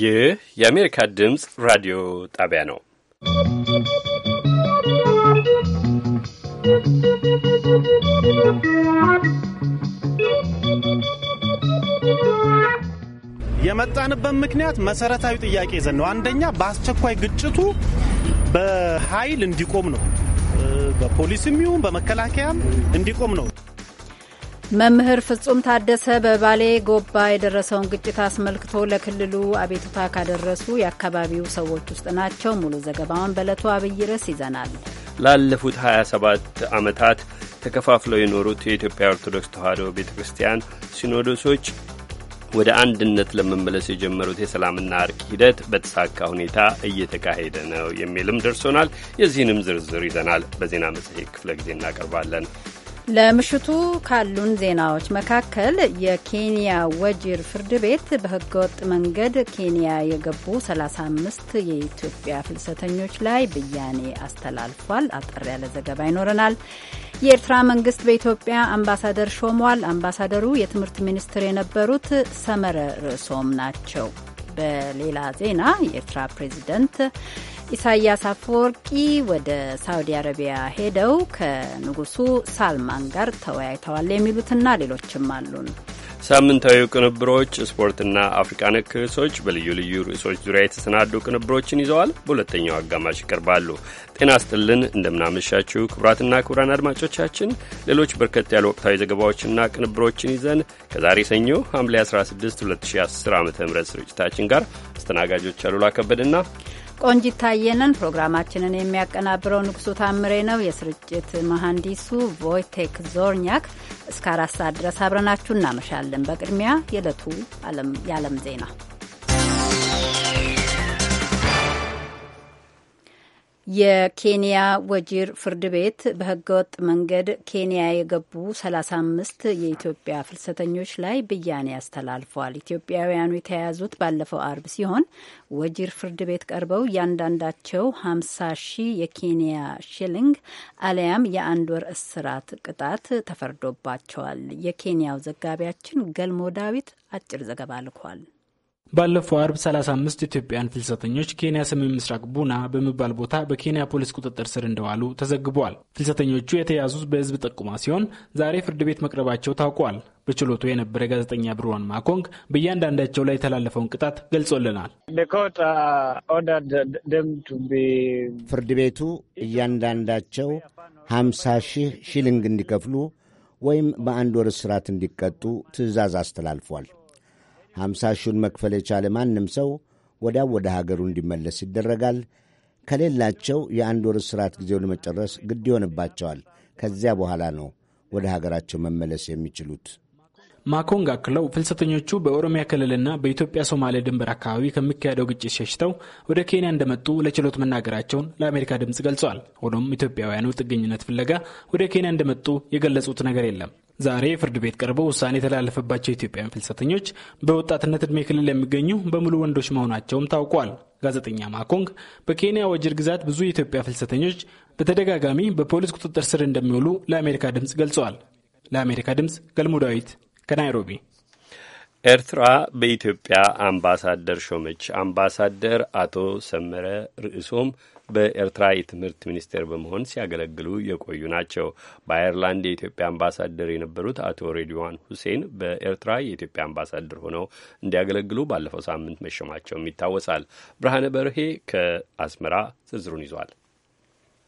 ይህ የአሜሪካ ድምፅ ራዲዮ ጣቢያ ነው። የመጣንበት ምክንያት መሰረታዊ ጥያቄ ይዘን ነው። አንደኛ በአስቸኳይ ግጭቱ በኃይል እንዲቆም ነው። በፖሊስም ይሁን በመከላከያም እንዲቆም ነው። መምህር ፍጹም ታደሰ በባሌ ጎባ የደረሰውን ግጭት አስመልክቶ ለክልሉ አቤቱታ ካደረሱ የአካባቢው ሰዎች ውስጥ ናቸው። ሙሉ ዘገባውን በዕለቱ አብይ ርዕስ ይዘናል። ላለፉት 27 ዓመታት ተከፋፍለው የኖሩት የኢትዮጵያ ኦርቶዶክስ ተዋሕዶ ቤተ ክርስቲያን ሲኖዶሶች ወደ አንድነት ለመመለስ የጀመሩት የሰላምና እርቅ ሂደት በተሳካ ሁኔታ እየተካሄደ ነው የሚልም ደርሶናል። የዚህንም ዝርዝር ይዘናል። በዜና መጽሔት ክፍለ ጊዜ እናቀርባለን። ለምሽቱ ካሉን ዜናዎች መካከል የኬንያ ወጅር ፍርድ ቤት በህገወጥ መንገድ ኬንያ የገቡ 35 የኢትዮጵያ ፍልሰተኞች ላይ ብያኔ አስተላልፏል። አጠር ያለ ዘገባ ይኖረናል። የኤርትራ መንግስት በኢትዮጵያ አምባሳደር ሾሟል። አምባሳደሩ የትምህርት ሚኒስትር የነበሩት ሰመረ ርዕሶም ናቸው። በሌላ ዜና የኤርትራ ፕሬዚደንት ኢሳያስ አፈወርቂ ወደ ሳውዲ አረቢያ ሄደው ከንጉሱ ሳልማን ጋር ተወያይተዋል የሚሉትና ሌሎችም አሉን። ሳምንታዊ ቅንብሮች፣ ስፖርትና አፍሪቃ ነክ ርዕሶች በልዩ ልዩ ርዕሶች ዙሪያ የተሰናዱ ቅንብሮችን ይዘዋል። በሁለተኛው አጋማሽ ይቀርባሉ። ጤና ስጥልን፣ እንደምናመሻችሁ ክቡራትና ክቡራን አድማጮቻችን ሌሎች በርከት ያሉ ወቅታዊ ዘገባዎችና ቅንብሮችን ይዘን ከዛሬ ሰኞ ሐምሌ 16 2010 ዓ ም ስርጭታችን ጋር አስተናጋጆች አሉላ ከበድና ቆንጂት ታየነን፣ ፕሮግራማችንን የሚያቀናብረው ንጉሱ ታምሬ ነው። የስርጭት መሐንዲሱ ቮይቴክ ዞርኛክ። እስከ አራት ሰዓት ድረስ አብረናችሁ እናመሻለን። በቅድሚያ የዕለቱ የዓለም ዜና የኬንያ ወጂር ፍርድ ቤት በህገወጥ መንገድ ኬንያ የገቡ 35 የኢትዮጵያ ፍልሰተኞች ላይ ብያኔ አስተላልፏል። ኢትዮጵያውያኑ የተያያዙት ባለፈው አርብ ሲሆን ወጂር ፍርድ ቤት ቀርበው እያንዳንዳቸው 50 ሺህ የኬንያ ሺሊንግ አሊያም የአንድ ወር እስራት ቅጣት ተፈርዶባቸዋል። የኬንያው ዘጋቢያችን ገልሞ ዳዊት አጭር ዘገባ ልኳል። ባለፈው አርብ 35 ኢትዮጵያውያን ፍልሰተኞች ኬንያ ሰሜን ምስራቅ ቡና በሚባል ቦታ በኬንያ ፖሊስ ቁጥጥር ስር እንደዋሉ ተዘግቧል። ፍልሰተኞቹ የተያዙት በሕዝብ ጠቁማ ሲሆን ዛሬ ፍርድ ቤት መቅረባቸው ታውቋል። በችሎቱ የነበረ ጋዜጠኛ ብሩዋን ማኮንግ በእያንዳንዳቸው ላይ የተላለፈውን ቅጣት ገልጾልናል። ፍርድ ቤቱ እያንዳንዳቸው 50 ሺህ ሺሊንግ እንዲከፍሉ ወይም በአንድ ወር እስራት እንዲቀጡ ትዕዛዝ አስተላልፏል። ሀምሳ ሺውን መክፈል የቻለ ማንም ሰው ወዲያው ወደ ሀገሩ እንዲመለስ ይደረጋል። ከሌላቸው የአንድ ወር እስራት ጊዜው ለመጨረስ ግድ ይሆንባቸዋል። ከዚያ በኋላ ነው ወደ ሀገራቸው መመለስ የሚችሉት። ማኮንግ አክለው ፍልሰተኞቹ በኦሮሚያ ክልልና በኢትዮጵያ ሶማሌ ድንበር አካባቢ ከሚካሄደው ግጭት ሸሽተው ወደ ኬንያ እንደመጡ ለችሎት መናገራቸውን ለአሜሪካ ድምፅ ገልጸዋል። ሆኖም ኢትዮጵያውያኑ ጥገኝነት ፍለጋ ወደ ኬንያ እንደመጡ የገለጹት ነገር የለም። ዛሬ ፍርድ ቤት ቀርበው ውሳኔ የተላለፈባቸው ኢትዮጵያውያን ፍልሰተኞች በወጣትነት ዕድሜ ክልል የሚገኙ በሙሉ ወንዶች መሆናቸውም ታውቋል። ጋዜጠኛ ማኮንግ በኬንያ ወጅር ግዛት ብዙ የኢትዮጵያ ፍልሰተኞች በተደጋጋሚ በፖሊስ ቁጥጥር ስር እንደሚውሉ ለአሜሪካ ድምፅ ገልጸዋል። ለአሜሪካ ድምፅ ገልሙ ዳዊት ከናይሮቢ። ኤርትራ በኢትዮጵያ አምባሳደር ሾመች። አምባሳደር አቶ ሰመረ ርዕሶም በኤርትራ የትምህርት ሚኒስቴር በመሆን ሲያገለግሉ የቆዩ ናቸው። በአየርላንድ የኢትዮጵያ አምባሳደር የነበሩት አቶ ሬድዋን ሁሴን በኤርትራ የኢትዮጵያ አምባሳደር ሆነው እንዲያገለግሉ ባለፈው ሳምንት መሾማቸውም ይታወሳል። ብርሃነ በርሄ ከአስመራ ዝርዝሩን ይዟል።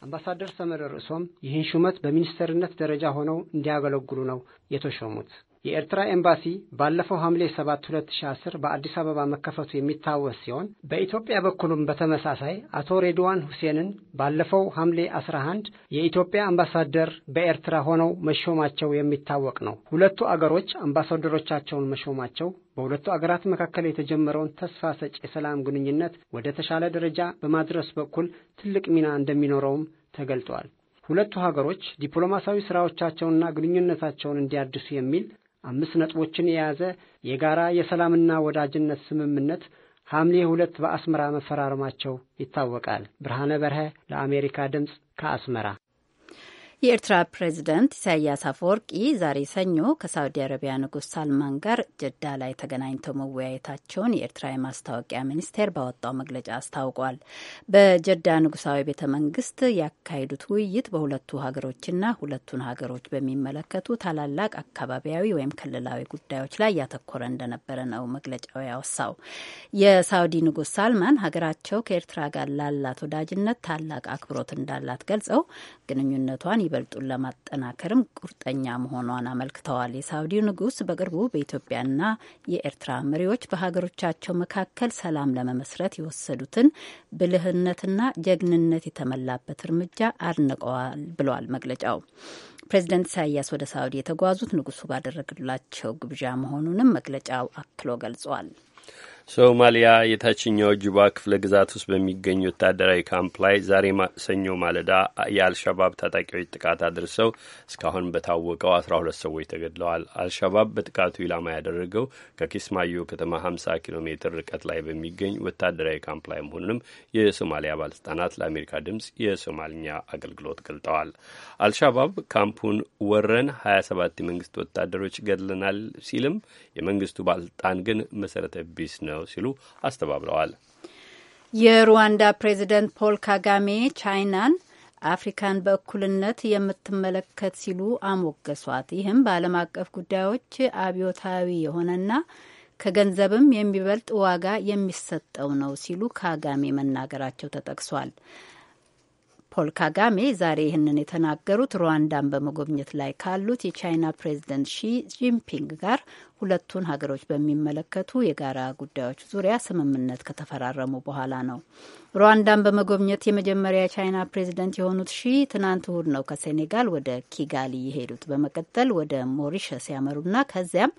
አምባሳደር ሰመረ ርዕሶም ይህን ሹመት በሚኒስቴርነት ደረጃ ሆነው እንዲያገለግሉ ነው የተሾሙት። የኤርትራ ኤምባሲ ባለፈው ሐምሌ 7 2010 በአዲስ አበባ መከፈቱ የሚታወስ ሲሆን በኢትዮጵያ በኩልም በተመሳሳይ አቶ ሬድዋን ሁሴንን ባለፈው ሐምሌ 11 የኢትዮጵያ አምባሳደር በኤርትራ ሆነው መሾማቸው የሚታወቅ ነው። ሁለቱ አገሮች አምባሳደሮቻቸውን መሾማቸው በሁለቱ አገራት መካከል የተጀመረውን ተስፋ ሰጭ የሰላም ግንኙነት ወደ ተሻለ ደረጃ በማድረስ በኩል ትልቅ ሚና እንደሚኖረውም ተገልጧል። ሁለቱ ሀገሮች ዲፕሎማሲያዊ ስራዎቻቸውንና ግንኙነታቸውን እንዲያድሱ የሚል አምስት ነጥቦችን የያዘ የጋራ የሰላምና ወዳጅነት ስምምነት ሐምሌ ሁለት በአስመራ መፈራረማቸው ይታወቃል። ብርሃነ በርሀ ለአሜሪካ ድምፅ ከአስመራ የኤርትራ ፕሬዚደንት ኢሳያስ አፈወርቂ ዛሬ ሰኞ ከሳውዲ አረቢያ ንጉሥ ሳልማን ጋር ጀዳ ላይ ተገናኝተው መወያየታቸውን የኤርትራ የማስታወቂያ ሚኒስቴር ባወጣው መግለጫ አስታውቋል። በጀዳ ንጉሳዊ ቤተ መንግስት ያካሄዱት ውይይት በሁለቱ ሀገሮችና ሁለቱን ሀገሮች በሚመለከቱ ታላላቅ አካባቢያዊ ወይም ክልላዊ ጉዳዮች ላይ ያተኮረ እንደነበረ ነው መግለጫው ያወሳው። የሳውዲ ንጉሥ ሳልማን ሀገራቸው ከኤርትራ ጋር ላላት ወዳጅነት ታላቅ አክብሮት እንዳላት ገልጸው ግንኙነቷን ይበልጡን ለማጠናከርም ቁርጠኛ መሆኗን አመልክተዋል። የሳውዲው ንጉስ በቅርቡ በኢትዮጵያና የኤርትራ መሪዎች በሀገሮቻቸው መካከል ሰላም ለመመስረት የወሰዱትን ብልህነትና ጀግንነት የተመላበት እርምጃ አድንቀዋል ብለዋል መግለጫው። ፕሬዚደንት ኢሳያስ ወደ ሳውዲ የተጓዙት ንጉሱ ባደረግላቸው ግብዣ መሆኑንም መግለጫው አክሎ ገልጿል። ሶማሊያ የታችኛው ጁባ ክፍለ ግዛት ውስጥ በሚገኝ ወታደራዊ ካምፕ ላይ ዛሬ ሰኞ ማለዳ የአልሻባብ ታጣቂዎች ጥቃት አድርሰው እስካሁን በታወቀው አስራ ሁለት ሰዎች ተገድለዋል። አልሻባብ በጥቃቱ ኢላማ ያደረገው ከኪስማዮ ከተማ ሀምሳ ኪሎ ሜትር ርቀት ላይ በሚገኝ ወታደራዊ ካምፕ ላይ መሆኑንም የሶማሊያ ባለስልጣናት ለአሜሪካ ድምጽ የሶማልኛ አገልግሎት ገልጠዋል። አልሻባብ ካምፑን ወረን ሀያ ሰባት የመንግስት ወታደሮች ገድለናል ሲልም የመንግስቱ ባለስልጣን ግን መሰረተ ቢስ ነው ነው ሲሉ አስተባብለዋል። የሩዋንዳ ፕሬዚደንት ፖል ካጋሜ ቻይናን አፍሪካን በእኩልነት የምትመለከት ሲሉ አሞገሷት። ይህም በዓለም አቀፍ ጉዳዮች አብዮታዊ የሆነና ከገንዘብም የሚበልጥ ዋጋ የሚሰጠው ነው ሲሉ ካጋሜ መናገራቸው ተጠቅሷል። ፖል ካጋሜ ዛሬ ይህንን የተናገሩት ሩዋንዳን በመጎብኘት ላይ ካሉት የቻይና ፕሬዚደንት ሺ ጂንፒንግ ጋር ሁለቱን ሀገሮች በሚመለከቱ የጋራ ጉዳዮች ዙሪያ ስምምነት ከተፈራረሙ በኋላ ነው። ሩዋንዳን በመጎብኘት የመጀመሪያ የቻይና ፕሬዚደንት የሆኑት ሺ ትናንት እሁድ ነው ከሴኔጋል ወደ ኪጋሊ የሄዱት። በመቀጠል ወደ ሞሪሸስ ያመሩና ከዚያም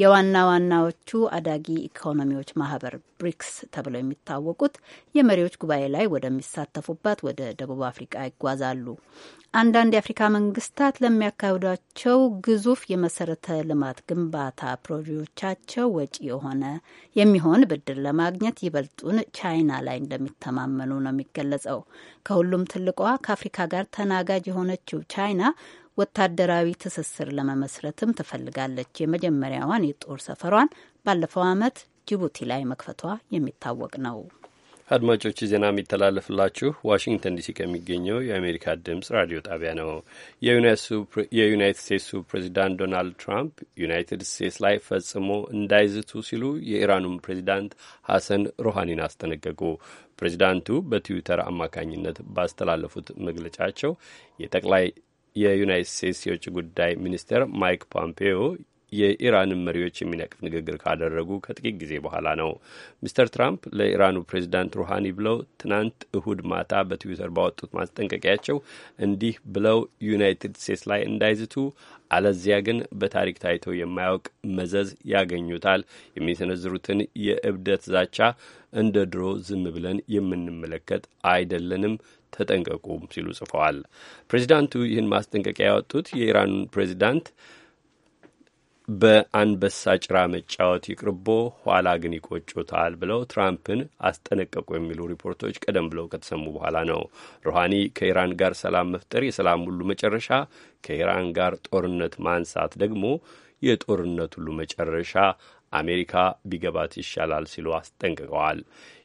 የዋና ዋናዎቹ አዳጊ ኢኮኖሚዎች ማህበር ብሪክስ ተብለው የሚታወቁት የመሪዎች ጉባኤ ላይ ወደሚሳተፉባት ወደ ደቡብ አፍሪቃ ይጓዛሉ። አንዳንድ የአፍሪካ መንግስታት ለሚያካሂዷቸው ግዙፍ የመሰረተ ልማት ግንባታ ፕሮጀክቶቻቸው ወጪ የሆነ የሚሆን ብድር ለማግኘት ይበልጡን ቻይና ላይ እንደሚተማመኑ ነው የሚገለጸው። ከሁሉም ትልቋ ከአፍሪካ ጋር ተናጋጅ የሆነችው ቻይና ወታደራዊ ትስስር ለመመስረትም ትፈልጋለች። የመጀመሪያዋን የጦር ሰፈሯን ባለፈው ዓመት ጅቡቲ ላይ መክፈቷ የሚታወቅ ነው። አድማጮች ዜና የሚተላለፍላችሁ ዋሽንግተን ዲሲ ከሚገኘው የአሜሪካ ድምጽ ራዲዮ ጣቢያ ነው። የዩናይትድ ስቴትሱ ፕሬዚዳንት ዶናልድ ትራምፕ ዩናይትድ ስቴትስ ላይ ፈጽሞ እንዳይዝቱ ሲሉ የኢራኑም ፕሬዚዳንት ሐሰን ሮሃኒን አስጠነቀቁ። ፕሬዚዳንቱ በትዊተር አማካኝነት ባስተላለፉት መግለጫቸው የጠቅላይ የዩናይትድ ስቴትስ የውጭ ጉዳይ ሚኒስትር ማይክ ፖምፔዮ የኢራንን መሪዎች የሚነቅፍ ንግግር ካደረጉ ከጥቂት ጊዜ በኋላ ነው። ሚስተር ትራምፕ ለኢራኑ ፕሬዚዳንት ሩሃኒ ብለው ትናንት እሁድ ማታ በትዊተር ባወጡት ማስጠንቀቂያቸው እንዲህ ብለው ዩናይትድ ስቴትስ ላይ እንዳይዝቱ፣ አለዚያ ግን በታሪክ ታይቶ የማያውቅ መዘዝ ያገኙታል። የሚሰነዝሩትን የእብደት ዛቻ እንደ ድሮ ዝም ብለን የምንመለከት አይደለንም። ተጠንቀቁ ሲሉ ጽፈዋል። ፕሬዚዳንቱ ይህን ማስጠንቀቂያ ያወጡት የኢራን ፕሬዚዳንት በአንበሳ ጭራ መጫወት ይቅርቦ ኋላ ግን ይቆጩታል ብለው ትራምፕን አስጠነቀቁ የሚሉ ሪፖርቶች ቀደም ብለው ከተሰሙ በኋላ ነው። ሩሃኒ ከኢራን ጋር ሰላም መፍጠር የሰላም ሁሉ መጨረሻ፣ ከኢራን ጋር ጦርነት ማንሳት ደግሞ የጦርነት ሁሉ መጨረሻ፣ አሜሪካ ቢገባት ይሻላል ሲሉ አስጠንቅቀዋል።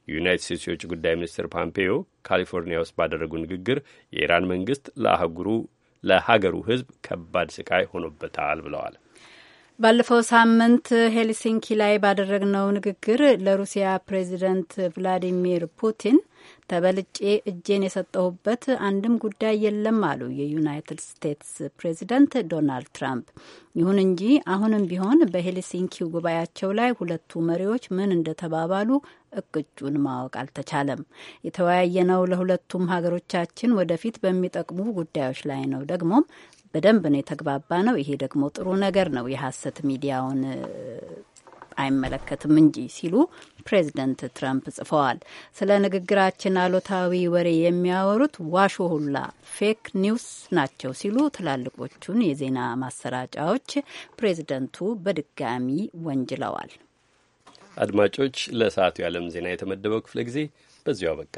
የዩናይት ስቴትስ የውጭ ጉዳይ ሚኒስትር ፓምፔዮ ካሊፎርኒያ ውስጥ ባደረጉ ንግግር የኢራን መንግስት ለአህጉሩ ለሀገሩ ህዝብ ከባድ ስቃይ ሆኖበታል ብለዋል። ባለፈው ሳምንት ሄልሲንኪ ላይ ባደረግነው ንግግር ለሩሲያ ፕሬዚደንት ቭላዲሚር ፑቲን ተበልጬ እጄን የሰጠሁበት አንድም ጉዳይ የለም አሉ የዩናይትድ ስቴትስ ፕሬዚደንት ዶናልድ ትራምፕ። ይሁን እንጂ አሁንም ቢሆን በሄልሲንኪው ጉባኤያቸው ላይ ሁለቱ መሪዎች ምን እንደተባባሉ እቅጩን ማወቅ አልተቻለም። የተወያየነው ለሁለቱም ሀገሮቻችን ወደፊት በሚጠቅሙ ጉዳዮች ላይ ነው። ደግሞም በደንብ ነው የተግባባ ነው። ይሄ ደግሞ ጥሩ ነገር ነው። የሀሰት ሚዲያውን አይመለከትም እንጂ ሲሉ ፕሬዚደንት ትራምፕ ጽፈዋል። ስለ ንግግራችን አሉታዊ ወሬ የሚያወሩት ዋሾ ሁላ ፌክ ኒውስ ናቸው ሲሉ ትላልቆቹን የዜና ማሰራጫዎች ፕሬዚደንቱ በድጋሚ ወንጅለዋል። አድማጮች፣ ለሰዓቱ የዓለም ዜና የተመደበው ክፍለ ጊዜ በዚያው አበቃ።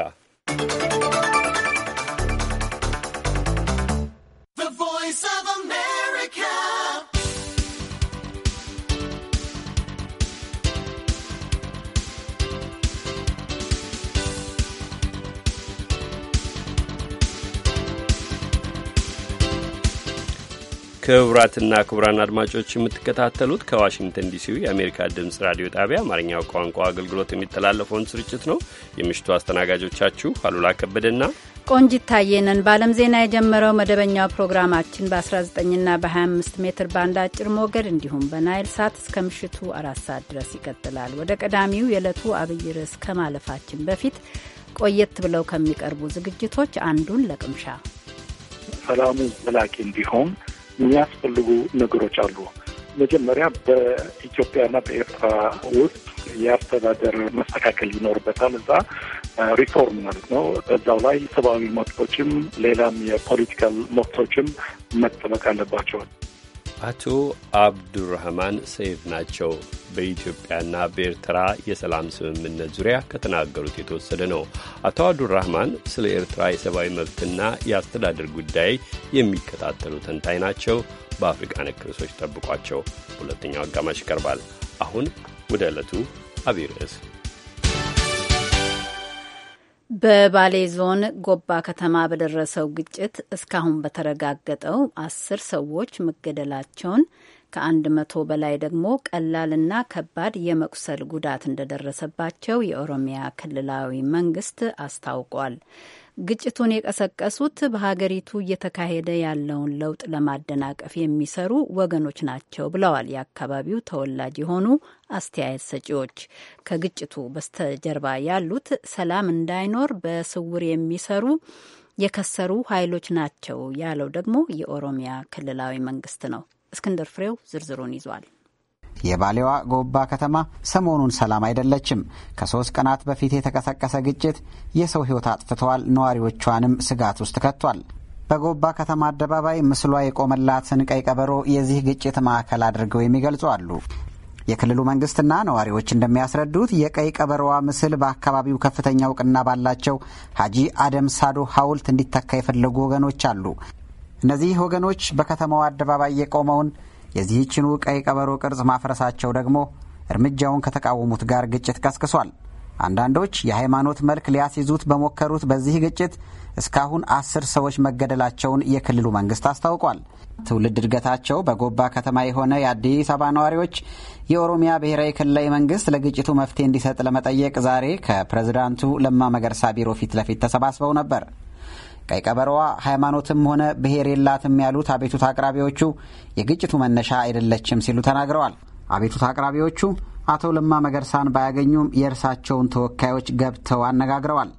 ክቡራትና ክቡራን አድማጮች የምትከታተሉት ከዋሽንግተን ዲሲው የአሜሪካ ድምፅ ራዲዮ ጣቢያ አማርኛው ቋንቋ አገልግሎት የሚተላለፈውን ስርጭት ነው። የምሽቱ አስተናጋጆቻችሁ አሉላ ከበደና ቆንጂት ታየነን። በዓለም ዜና የጀመረው መደበኛው ፕሮግራማችን በ19ና በ25 ሜትር ባንድ አጭር ሞገድ እንዲሁም በናይል ሳት እስከ ምሽቱ አራት ሰዓት ድረስ ይቀጥላል። ወደ ቀዳሚው የዕለቱ አብይ ርዕስ ከማለፋችን በፊት ቆየት ብለው ከሚቀርቡ ዝግጅቶች አንዱን ለቅምሻ ሰላሙ ዘላቂ እንዲሆን የሚያስፈልጉ ነገሮች አሉ። መጀመሪያ በኢትዮጵያና በኤርትራ ውስጥ የአስተዳደር መስተካከል ይኖርበታል። እዛ ሪፎርም ማለት ነው። እዛው ላይ ሰብአዊ መብቶችም ሌላም የፖለቲካል መብቶችም መጠበቅ አለባቸው። አቶ አብዱራህማን ሰይፍ ናቸው። በኢትዮጵያና በኤርትራ የሰላም ስምምነት ዙሪያ ከተናገሩት የተወሰደ ነው። አቶ አብዱራህማን ስለ ኤርትራ የሰብአዊ መብትና የአስተዳደር ጉዳይ የሚከታተሉ ተንታኝ ናቸው። በአፍሪቃ ነክ ርዕሶች ጠብቋቸው። ሁለተኛው አጋማሽ ይቀርባል። አሁን ወደ ዕለቱ አብይ ርዕስ በባሌ ዞን ጎባ ከተማ በደረሰው ግጭት እስካሁን በተረጋገጠው አስር ሰዎች መገደላቸውን ከአንድ መቶ በላይ ደግሞ ቀላልና ከባድ የመቁሰል ጉዳት እንደደረሰባቸው የኦሮሚያ ክልላዊ መንግስት አስታውቋል። ግጭቱን የቀሰቀሱት በሀገሪቱ እየተካሄደ ያለውን ለውጥ ለማደናቀፍ የሚሰሩ ወገኖች ናቸው ብለዋል የአካባቢው ተወላጅ የሆኑ አስተያየት ሰጪዎች። ከግጭቱ በስተጀርባ ያሉት ሰላም እንዳይኖር በስውር የሚሰሩ የከሰሩ ኃይሎች ናቸው ያለው ደግሞ የኦሮሚያ ክልላዊ መንግስት ነው። እስክንድር ፍሬው ዝርዝሩን ይዟል። የባሌዋ ጎባ ከተማ ሰሞኑን ሰላም አይደለችም። ከሶስት ቀናት በፊት የተቀሰቀሰ ግጭት የሰው ሕይወት አጥፍተዋል፣ ነዋሪዎቿንም ስጋት ውስጥ ከቷል። በጎባ ከተማ አደባባይ ምስሏ የቆመላትን ቀይ ቀበሮ የዚህ ግጭት ማዕከል አድርገው የሚገልጹ አሉ። የክልሉ መንግስትና ነዋሪዎች እንደሚያስረዱት የቀይ ቀበሮዋ ምስል በአካባቢው ከፍተኛ እውቅና ባላቸው ሀጂ አደም ሳዶ ሐውልት እንዲተካ የፈለጉ ወገኖች አሉ። እነዚህ ወገኖች በከተማው አደባባይ የቆመውን የዚህችኑ ቀይ ቀበሮ ቅርጽ ማፍረሳቸው ደግሞ እርምጃውን ከተቃወሙት ጋር ግጭት ቀስቅሷል። አንዳንዶች የሃይማኖት መልክ ሊያስይዙት በሞከሩት በዚህ ግጭት እስካሁን አስር ሰዎች መገደላቸውን የክልሉ መንግስት አስታውቋል። ትውልድ እድገታቸው በጎባ ከተማ የሆነ የአዲስ አበባ ነዋሪዎች የኦሮሚያ ብሔራዊ ክልላዊ መንግስት ለግጭቱ መፍትሄ እንዲሰጥ ለመጠየቅ ዛሬ ከፕሬዝዳንቱ ለማ መገርሳ ቢሮ ፊት ለፊት ተሰባስበው ነበር። ቀይ ቀበሮዋ ሃይማኖትም ሆነ ብሔር የላትም ያሉት አቤቱታ አቅራቢዎቹ የግጭቱ መነሻ አይደለችም ሲሉ ተናግረዋል። አቤቱታ አቅራቢዎቹ አቶ ለማ መገርሳን ባያገኙም የእርሳቸውን ተወካዮች ገብተው አነጋግረዋል።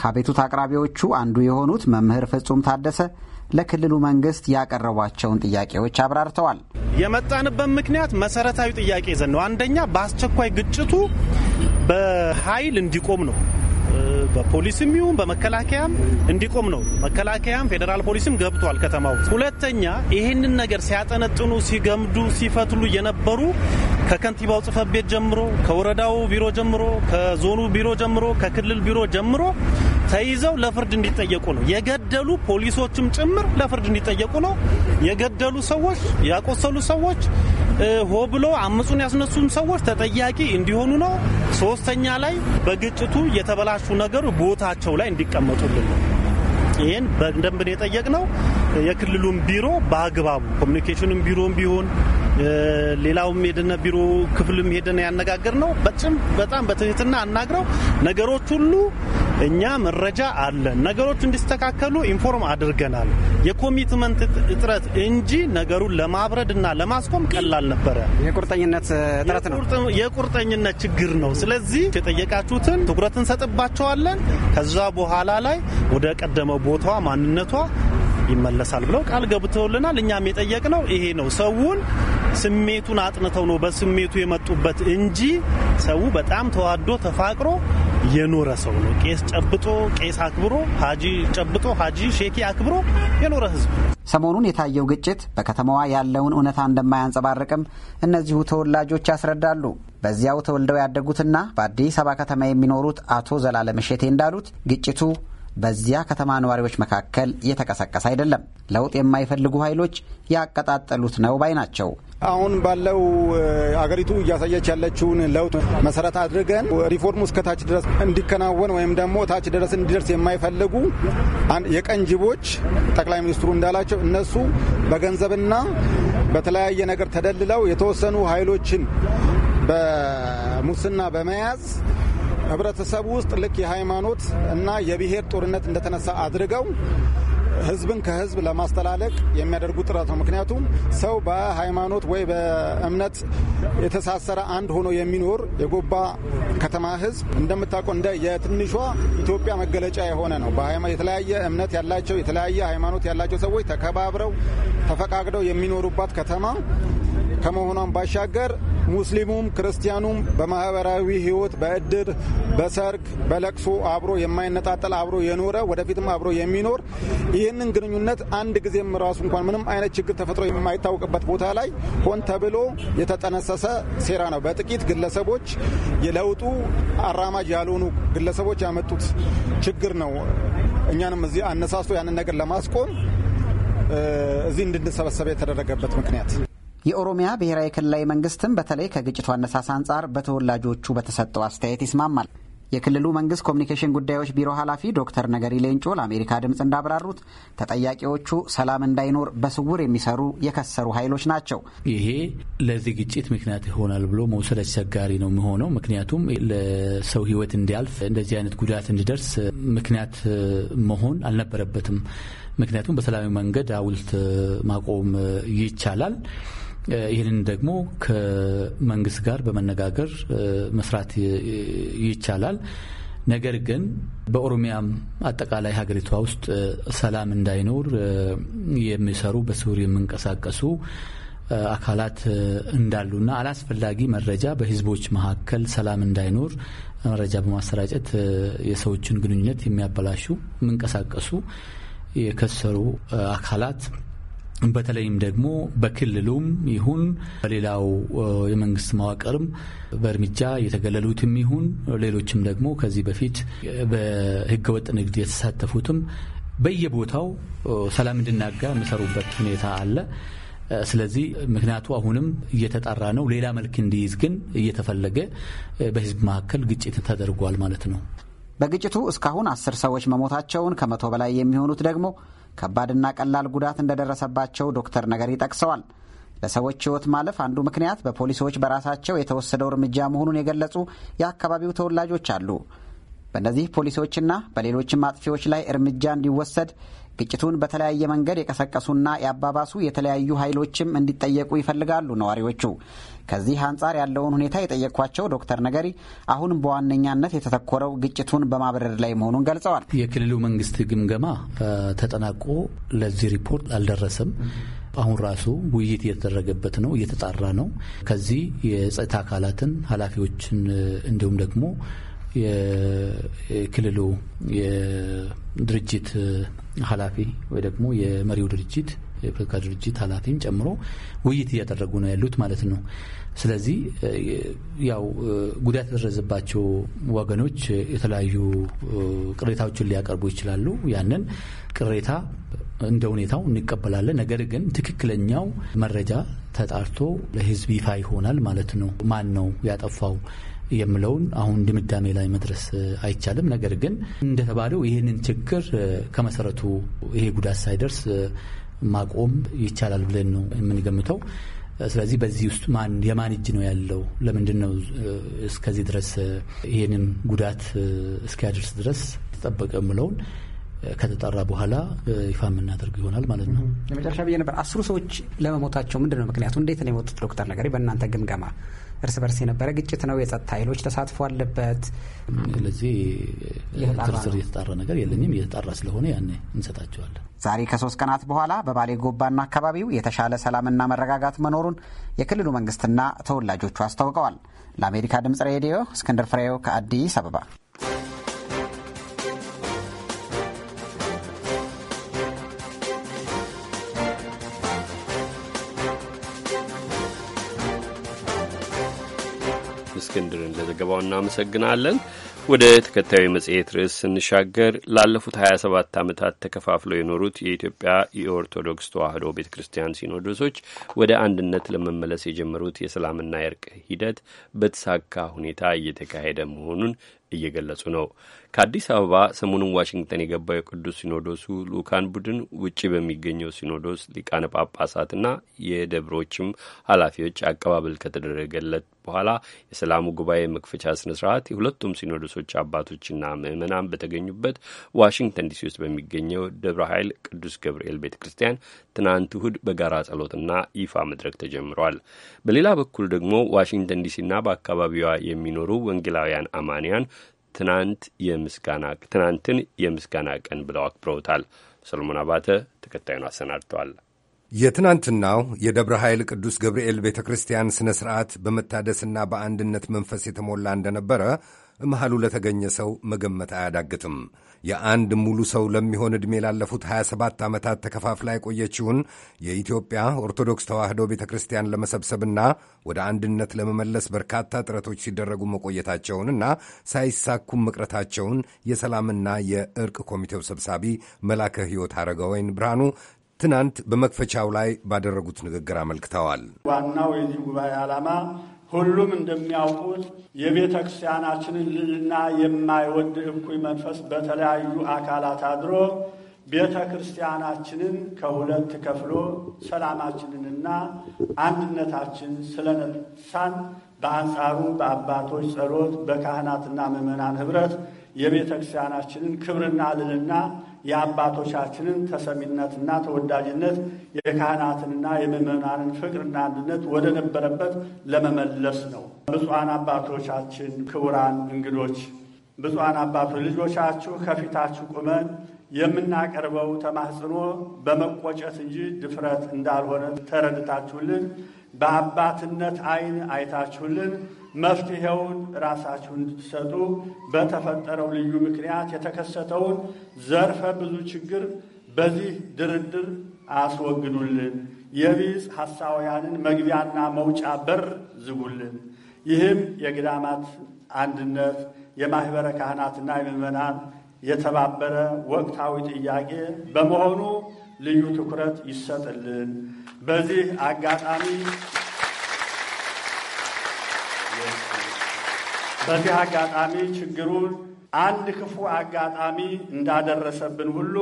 ከአቤቱታ አቅራቢዎቹ አንዱ የሆኑት መምህር ፍጹም ታደሰ ለክልሉ መንግስት ያቀረቧቸውን ጥያቄዎች አብራርተዋል። የመጣንበት ምክንያት መሰረታዊ ጥያቄ ይዘን ነው። አንደኛ በአስቸኳይ ግጭቱ በኃይል እንዲቆም ነው። በፖሊስም ይሁን በመከላከያም እንዲቆም ነው። መከላከያም ፌዴራል ፖሊስም ገብቷል ውስጥ። ሁለተኛ ይህንን ነገር ሲያጠነጥኑ፣ ሲገምዱ፣ ሲፈትሉ የነበሩ ከከንቲባው ጽህፈት ቤት ጀምሮ፣ ከወረዳው ቢሮ ጀምሮ፣ ከዞኑ ቢሮ ጀምሮ፣ ከክልል ቢሮ ጀምሮ ተይዘው ለፍርድ እንዲጠየቁ ነው። የገደሉ ፖሊሶችም ጭምር ለፍርድ እንዲጠየቁ ነው። የገደሉ ሰዎች ያቆሰሉ ሰዎች ሆ ብሎ አመፁን ያስነሱን ሰዎች ተጠያቂ እንዲሆኑ ነው። ሶስተኛ ላይ በግጭቱ የተበላሹ ነገሩ ቦታቸው ላይ እንዲቀመጡልን ነው። ይህን በደንብ ነው የክልሉን ቢሮ በአግባቡ ኮሚኒኬሽንም ቢሮም ቢሆን ሌላውም የደነ ቢሮ ክፍልም ሄደን ያነጋገር ነው። በጣም በትህትና አናግረው ነገሮች ሁሉ እኛ መረጃ አለን። ነገሮች እንዲስተካከሉ ኢንፎርም አድርገናል። የኮሚትመንት እጥረት እንጂ ነገሩን ለማብረድና ለማስቆም ቀላል ነበረ። የቁርጠኝነት እጥረት ነው፣ የቁርጠኝነት ችግር ነው። ስለዚህ የጠየቃችሁትን ትኩረት እንሰጥባቸዋለን። ከዛ በኋላ ላይ ወደ ቀደመው ቦታዋ ማንነቷ ይመለሳል ብለው ቃል ገብተውልናል። እኛም የጠየቅነው ይሄ ነው። ሰውን ስሜቱን አጥንተው ነው በስሜቱ የመጡበት እንጂ ሰው በጣም ተዋዶ ተፋቅሮ የኖረ ሰው ነው። ቄስ ጨብጦ ቄስ አክብሮ፣ ሀጂ ጨብጦ ሀጂ ሼኪ አክብሮ የኖረ ህዝብ። ሰሞኑን የታየው ግጭት በከተማዋ ያለውን እውነታ እንደማያንጸባርቅም እነዚሁ ተወላጆች ያስረዳሉ። በዚያው ተወልደው ያደጉትና በአዲስ አበባ ከተማ የሚኖሩት አቶ ዘላለም እሸቴ እንዳሉት ግጭቱ በዚያ ከተማ ነዋሪዎች መካከል እየተቀሰቀሰ አይደለም። ለውጥ የማይፈልጉ ኃይሎች ያቀጣጠሉት ነው ባይ ናቸው። አሁን ባለው አገሪቱ እያሳየች ያለችውን ለውጥ መሰረት አድርገን ሪፎርሙ እስከ ታች ድረስ እንዲከናወን ወይም ደግሞ ታች ድረስ እንዲደርስ የማይፈልጉ የቀን ጅቦች ጠቅላይ ሚኒስትሩ እንዳላቸው እነሱ በገንዘብና በተለያየ ነገር ተደልለው የተወሰኑ ኃይሎችን በሙስና በመያዝ ህብረተሰቡ ውስጥ ልክ የሃይማኖት እና የብሔር ጦርነት እንደተነሳ አድርገው ህዝብን ከህዝብ ለማስተላለቅ የሚያደርጉ ጥረት ነው። ምክንያቱም ሰው በሃይማኖት ወይ በእምነት የተሳሰረ አንድ ሆኖ የሚኖር የጎባ ከተማ ህዝብ እንደምታውቀው እንደ የትንሿ ኢትዮጵያ መገለጫ የሆነ ነው። የተለያየ እምነት ያላቸው የተለያየ ሃይማኖት ያላቸው ሰዎች ተከባብረው ተፈቃቅደው የሚኖሩባት ከተማ ከመሆኗን ባሻገር ሙስሊሙም ክርስቲያኑም በማህበራዊ ህይወት፣ በእድር፣ በሰርግ፣ በለቅሶ አብሮ የማይነጣጠል አብሮ የኖረ ወደፊትም አብሮ የሚኖር ይህንን ግንኙነት አንድ ጊዜም ራሱ እንኳን ምንም አይነት ችግር ተፈጥሮ የማይታወቅበት ቦታ ላይ ሆን ተብሎ የተጠነሰሰ ሴራ ነው። በጥቂት ግለሰቦች የለውጡ አራማጅ ያልሆኑ ግለሰቦች ያመጡት ችግር ነው። እኛንም እዚህ አነሳስቶ ያንን ነገር ለማስቆም እዚህ እንድንሰበሰበ የተደረገበት ምክንያት የኦሮሚያ ብሔራዊ ክልላዊ መንግስትም በተለይ ከግጭቱ አነሳስ አንጻር በተወላጆቹ በተሰጠው አስተያየት ይስማማል። የክልሉ መንግስት ኮሚኒኬሽን ጉዳዮች ቢሮ ኃላፊ ዶክተር ነገሪ ሌንጮ ለአሜሪካ ድምፅ እንዳብራሩት ተጠያቂዎቹ ሰላም እንዳይኖር በስውር የሚሰሩ የከሰሩ ኃይሎች ናቸው። ይሄ ለዚህ ግጭት ምክንያት ይሆናል ብሎ መውሰድ አስቸጋሪ ነው የሚሆነው። ምክንያቱም ለሰው ህይወት እንዲያልፍ እንደዚህ አይነት ጉዳት እንዲደርስ ምክንያት መሆን አልነበረበትም። ምክንያቱም በሰላማዊ መንገድ አውልት ማቆም ይቻላል። ይህንን ደግሞ ከመንግስት ጋር በመነጋገር መስራት ይቻላል። ነገር ግን በኦሮሚያም አጠቃላይ ሀገሪቷ ውስጥ ሰላም እንዳይኖር የሚሰሩ በስውር የሚንቀሳቀሱ አካላት እንዳሉና አላስፈላጊ መረጃ በህዝቦች መካከል ሰላም እንዳይኖር መረጃ በማሰራጨት የሰዎችን ግንኙነት የሚያበላሹ የሚንቀሳቀሱ የከሰሩ አካላት በተለይም ደግሞ በክልሉም ይሁን በሌላው የመንግስት መዋቅርም በእርምጃ የተገለሉትም ይሁን ሌሎችም ደግሞ ከዚህ በፊት በህገወጥ ንግድ የተሳተፉትም በየቦታው ሰላም እንድናጋ የሚሰሩበት ሁኔታ አለ። ስለዚህ ምክንያቱ አሁንም እየተጣራ ነው። ሌላ መልክ እንዲይዝ ግን እየተፈለገ በህዝብ መካከል ግጭት ተደርጓል ማለት ነው። በግጭቱ እስካሁን አስር ሰዎች መሞታቸውን ከመቶ በላይ የሚሆኑት ደግሞ ከባድና ቀላል ጉዳት እንደደረሰባቸው ዶክተር ነገሪ ጠቅሰዋል። ለሰዎች ሕይወት ማለፍ አንዱ ምክንያት በፖሊሶች በራሳቸው የተወሰደው እርምጃ መሆኑን የገለጹ የአካባቢው ተወላጆች አሉ። በእነዚህ ፖሊሶችና በሌሎችም አጥፊዎች ላይ እርምጃ እንዲወሰድ ግጭቱን በተለያየ መንገድ የቀሰቀሱና ያባባሱ የተለያዩ ኃይሎችም እንዲጠየቁ ይፈልጋሉ ነዋሪዎቹ። ከዚህ አንጻር ያለውን ሁኔታ የጠየቅኳቸው ዶክተር ነገሪ አሁን በዋነኛነት የተተኮረው ግጭቱን በማብረር ላይ መሆኑን ገልጸዋል። የክልሉ መንግስት ግምገማ ተጠናቆ ለዚህ ሪፖርት አልደረሰም። አሁን ራሱ ውይይት እየተደረገበት ነው፣ እየተጣራ ነው። ከዚህ የጸጥታ አካላትን ኃላፊዎችን እንዲሁም ደግሞ የክልሉ የድርጅት ኃላፊ ወይ ደግሞ የመሪው ድርጅት የፖለቲካ ድርጅት ኃላፊም ጨምሮ ውይይት እያደረጉ ነው ያሉት ማለት ነው። ስለዚህ ያው ጉዳት የደረሰባቸው ወገኖች የተለያዩ ቅሬታዎችን ሊያቀርቡ ይችላሉ። ያንን ቅሬታ እንደ ሁኔታው እንቀበላለን። ነገር ግን ትክክለኛው መረጃ ተጣርቶ ለሕዝብ ይፋ ይሆናል ማለት ነው። ማን ነው ያጠፋው? የምለውን አሁን ድምዳሜ ላይ መድረስ አይቻልም። ነገር ግን እንደተባለው ይህንን ችግር ከመሰረቱ ይሄ ጉዳት ሳይደርስ ማቆም ይቻላል ብለን ነው የምንገምተው። ስለዚህ በዚህ ውስጥ ማን የማን እጅ ነው ያለው? ለምንድን ነው እስከዚህ ድረስ ይህንን ጉዳት እስኪያደርስ ድረስ ተጠበቀ የምለውን ከተጠራ በኋላ ይፋ የምናደርግ ይሆናል ማለት ነው። ለመጨረሻ ብዬ ነበር አስሩ ሰዎች ለመሞታቸው ምንድን ነው ምክንያቱ? እንዴት ነው የሞቱት? ዶክተር ነገሪ በእናንተ ግምገማ እርስ በርስ የነበረ ግጭት ነው፣ የጸጥታ ኃይሎች ተሳትፎ አለበት። ስለዚህ ዝርዝር የተጣራ ነገር የለኝም። የተጣራ ስለሆነ ያኔ እንሰጣቸዋለን። ዛሬ ከሶስት ቀናት በኋላ በባሌ ጎባና አካባቢው የተሻለ ሰላምና መረጋጋት መኖሩን የክልሉ መንግስትና ተወላጆቹ አስታውቀዋል። ለአሜሪካ ድምጽ ሬዲዮ እስክንድር ፍሬው ከአዲስ አበባ እስክንድርን ለዘገባው እናመሰግናለን። ወደ ተከታዩ መጽሔት ርዕስ ስንሻገር ላለፉት 27 ዓመታት ተከፋፍለው የኖሩት የኢትዮጵያ የኦርቶዶክስ ተዋሕዶ ቤተ ክርስቲያን ሲኖዶሶች ወደ አንድነት ለመመለስ የጀመሩት የሰላምና የእርቅ ሂደት በተሳካ ሁኔታ እየተካሄደ መሆኑን እየገለጹ ነው። ከአዲስ አበባ ሰሞኑን ዋሽንግተን የገባው የቅዱስ ሲኖዶሱ ልኡካን ቡድን ውጭ በሚገኘው ሲኖዶስ ሊቃነ ጳጳሳትና የደብሮችም ኃላፊዎች አቀባበል ከተደረገለት በኋላ የሰላሙ ጉባኤ መክፈቻ ስነ ስርዓት የሁለቱም ሲኖዶሶች አባቶችና ምዕመናን በተገኙበት ዋሽንግተን ዲሲ ውስጥ በሚገኘው ደብረ ኃይል ቅዱስ ገብርኤል ቤተ ክርስቲያን ትናንት እሁድ በጋራ ጸሎትና ይፋ መድረክ ተጀምሯል። በሌላ በኩል ደግሞ ዋሽንግተን ዲሲና በአካባቢዋ የሚኖሩ ወንጌላውያን አማንያን ትናንት የምስጋና ትናንትን የምስጋና ቀን ብለው አክብረውታል። ሰሎሞን አባተ ተከታዩን አሰናድተዋል። የትናንትናው የደብረ ኃይል ቅዱስ ገብርኤል ቤተ ክርስቲያን ሥነ ሥርዓት በመታደስና በአንድነት መንፈስ የተሞላ እንደነበረ መሐሉ ለተገኘ ሰው መገመት አያዳግትም። የአንድ ሙሉ ሰው ለሚሆን ዕድሜ ላለፉት 27 ዓመታት ተከፋፍላ የቆየችውን የኢትዮጵያ ኦርቶዶክስ ተዋሕዶ ቤተ ክርስቲያን ለመሰብሰብና ወደ አንድነት ለመመለስ በርካታ ጥረቶች ሲደረጉ መቆየታቸውንና ሳይሳኩም መቅረታቸውን የሰላምና የእርቅ ኮሚቴው ሰብሳቢ መላከ ሕይወት አረጋወይን ብርሃኑ ትናንት በመክፈቻው ላይ ባደረጉት ንግግር አመልክተዋል። ዋናው የዚህ ጉባኤ ዓላማ ሁሉም እንደሚያውቁት የቤተ ክርስቲያናችንን ልዕልና የማይወድ እኩይ መንፈስ በተለያዩ አካላት አድሮ ቤተ ክርስቲያናችንን ከሁለት ከፍሎ ሰላማችንንና አንድነታችን ስለነሳን በአንጻሩ በአባቶች ጸሎት፣ በካህናትና ምዕመናን ኅብረት የቤተ ክርስቲያናችንን ክብርና ልዕልና የአባቶቻችንን ተሰሚነትና ተወዳጅነት የካህናትንና የምዕመናንን ፍቅርና አንድነት ወደ ነበረበት ለመመለስ ነው። ብፁዓን አባቶቻችን፣ ክቡራን እንግዶች፣ ብፁዓን አባቶች ልጆቻችሁ ከፊታችሁ ቁመን የምናቀርበው ተማጽኖ በመቆጨት እንጂ ድፍረት እንዳልሆነ ተረድታችሁልን በአባትነት ዓይን አይታችሁልን መፍትሔውን ራሳችሁ እንድትሰጡ በተፈጠረው ልዩ ምክንያት የተከሰተውን ዘርፈ ብዙ ችግር በዚህ ድርድር አስወግዱልን። የቢጽ ሐሳውያንን መግቢያና መውጫ በር ዝጉልን። ይህም የግዳማት አንድነት የማኅበረ ካህናትና የምዕመናን የተባበረ ወቅታዊ ጥያቄ በመሆኑ ልዩ ትኩረት ይሰጥልን። በዚህ አጋጣሚ በዚህ አጋጣሚ ችግሩን አንድ ክፉ አጋጣሚ እንዳደረሰብን ሁሉ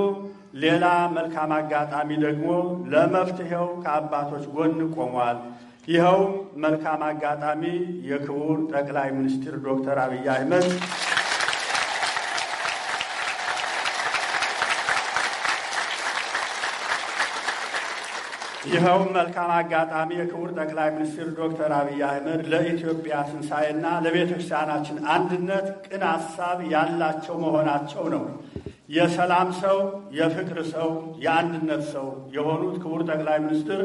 ሌላ መልካም አጋጣሚ ደግሞ ለመፍትሄው ከአባቶች ጎን ቆሟል። ይኸውም መልካም አጋጣሚ የክቡር ጠቅላይ ሚኒስትር ዶክተር አብይ አህመድ ይኸውም መልካም አጋጣሚ የክቡር ጠቅላይ ሚኒስትር ዶክተር አብይ አህመድ ለኢትዮጵያ ትንሣኤና ለቤተ ክርስቲያናችን አንድነት ቅን ሐሳብ ያላቸው መሆናቸው ነው። የሰላም ሰው፣ የፍቅር ሰው፣ የአንድነት ሰው የሆኑት ክቡር ጠቅላይ ሚኒስትር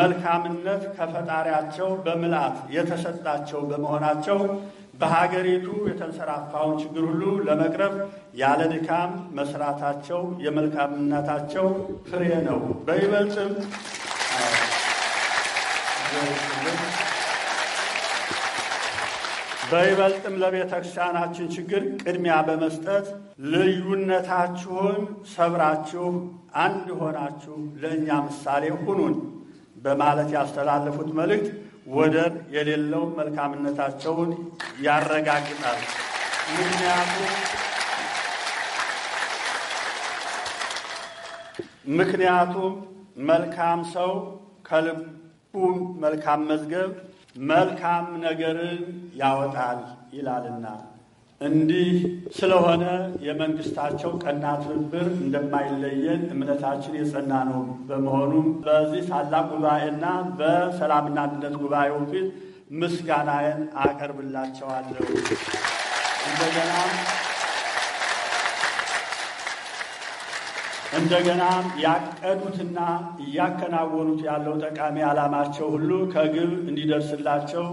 መልካምነት ከፈጣሪያቸው በምልአት የተሰጣቸው በመሆናቸው በሀገሪቱ የተንሰራፋውን ችግር ሁሉ ለመቅረፍ ያለ ድካም መስራታቸው የመልካምነታቸው ፍሬ ነው። በይበልጥም በይበልጥም ለቤተ ክርስቲያናችን ችግር ቅድሚያ በመስጠት ልዩነታችሁን ሰብራችሁ አንድ ሆናችሁ ለእኛ ምሳሌ ሁኑን በማለት ያስተላለፉት መልእክት ወደር የሌለው መልካምነታቸውን ያረጋግጣል። ምክንያቱም ምክንያቱም መልካም ሰው ከልቡ መልካም መዝገብ መልካም ነገርን ያወጣል ይላልና እንዲህ ስለሆነ የመንግስታቸው ቀና ትብብር እንደማይለየን እምነታችን የጸና ነው። በመሆኑም በዚህ ታላቅ ጉባኤና በሰላምና አንድነት ጉባኤው ፊት ምስጋናዬን አቀርብላቸዋለሁ። እንደገና እንደገና ያቀዱትና እያከናወኑት ያለው ጠቃሚ ዓላማቸው ሁሉ ከግብ እንዲደርስላቸው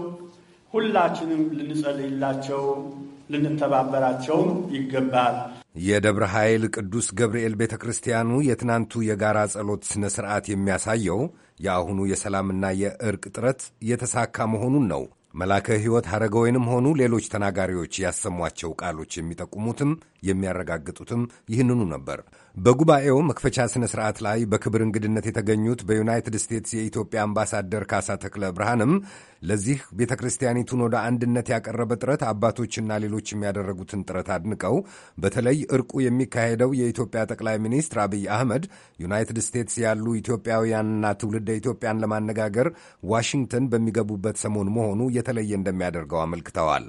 ሁላችንም ልንጸልይላቸው ልንተባበራቸውም ይገባል። የደብረ ኃይል ቅዱስ ገብርኤል ቤተ ክርስቲያኑ የትናንቱ የጋራ ጸሎት ሥነ ሥርዓት የሚያሳየው የአሁኑ የሰላምና የእርቅ ጥረት የተሳካ መሆኑን ነው። መላከ ሕይወት ሐረገ ወይንም ሆኑ ሌሎች ተናጋሪዎች ያሰሟቸው ቃሎች የሚጠቁሙትም የሚያረጋግጡትም ይህንኑ ነበር። በጉባኤው መክፈቻ ስነ ስርዓት ላይ በክብር እንግድነት የተገኙት በዩናይትድ ስቴትስ የኢትዮጵያ አምባሳደር ካሳ ተክለ ብርሃንም ለዚህ ቤተ ክርስቲያኒቱን ወደ አንድነት ያቀረበ ጥረት አባቶችና ሌሎች የሚያደረጉትን ጥረት አድንቀው በተለይ እርቁ የሚካሄደው የኢትዮጵያ ጠቅላይ ሚኒስትር አብይ አህመድ ዩናይትድ ስቴትስ ያሉ ኢትዮጵያውያንና ትውልደ ኢትዮጵያን ለማነጋገር ዋሽንግተን በሚገቡበት ሰሞን መሆኑ የተለየ እንደሚያደርገው አመልክተዋል።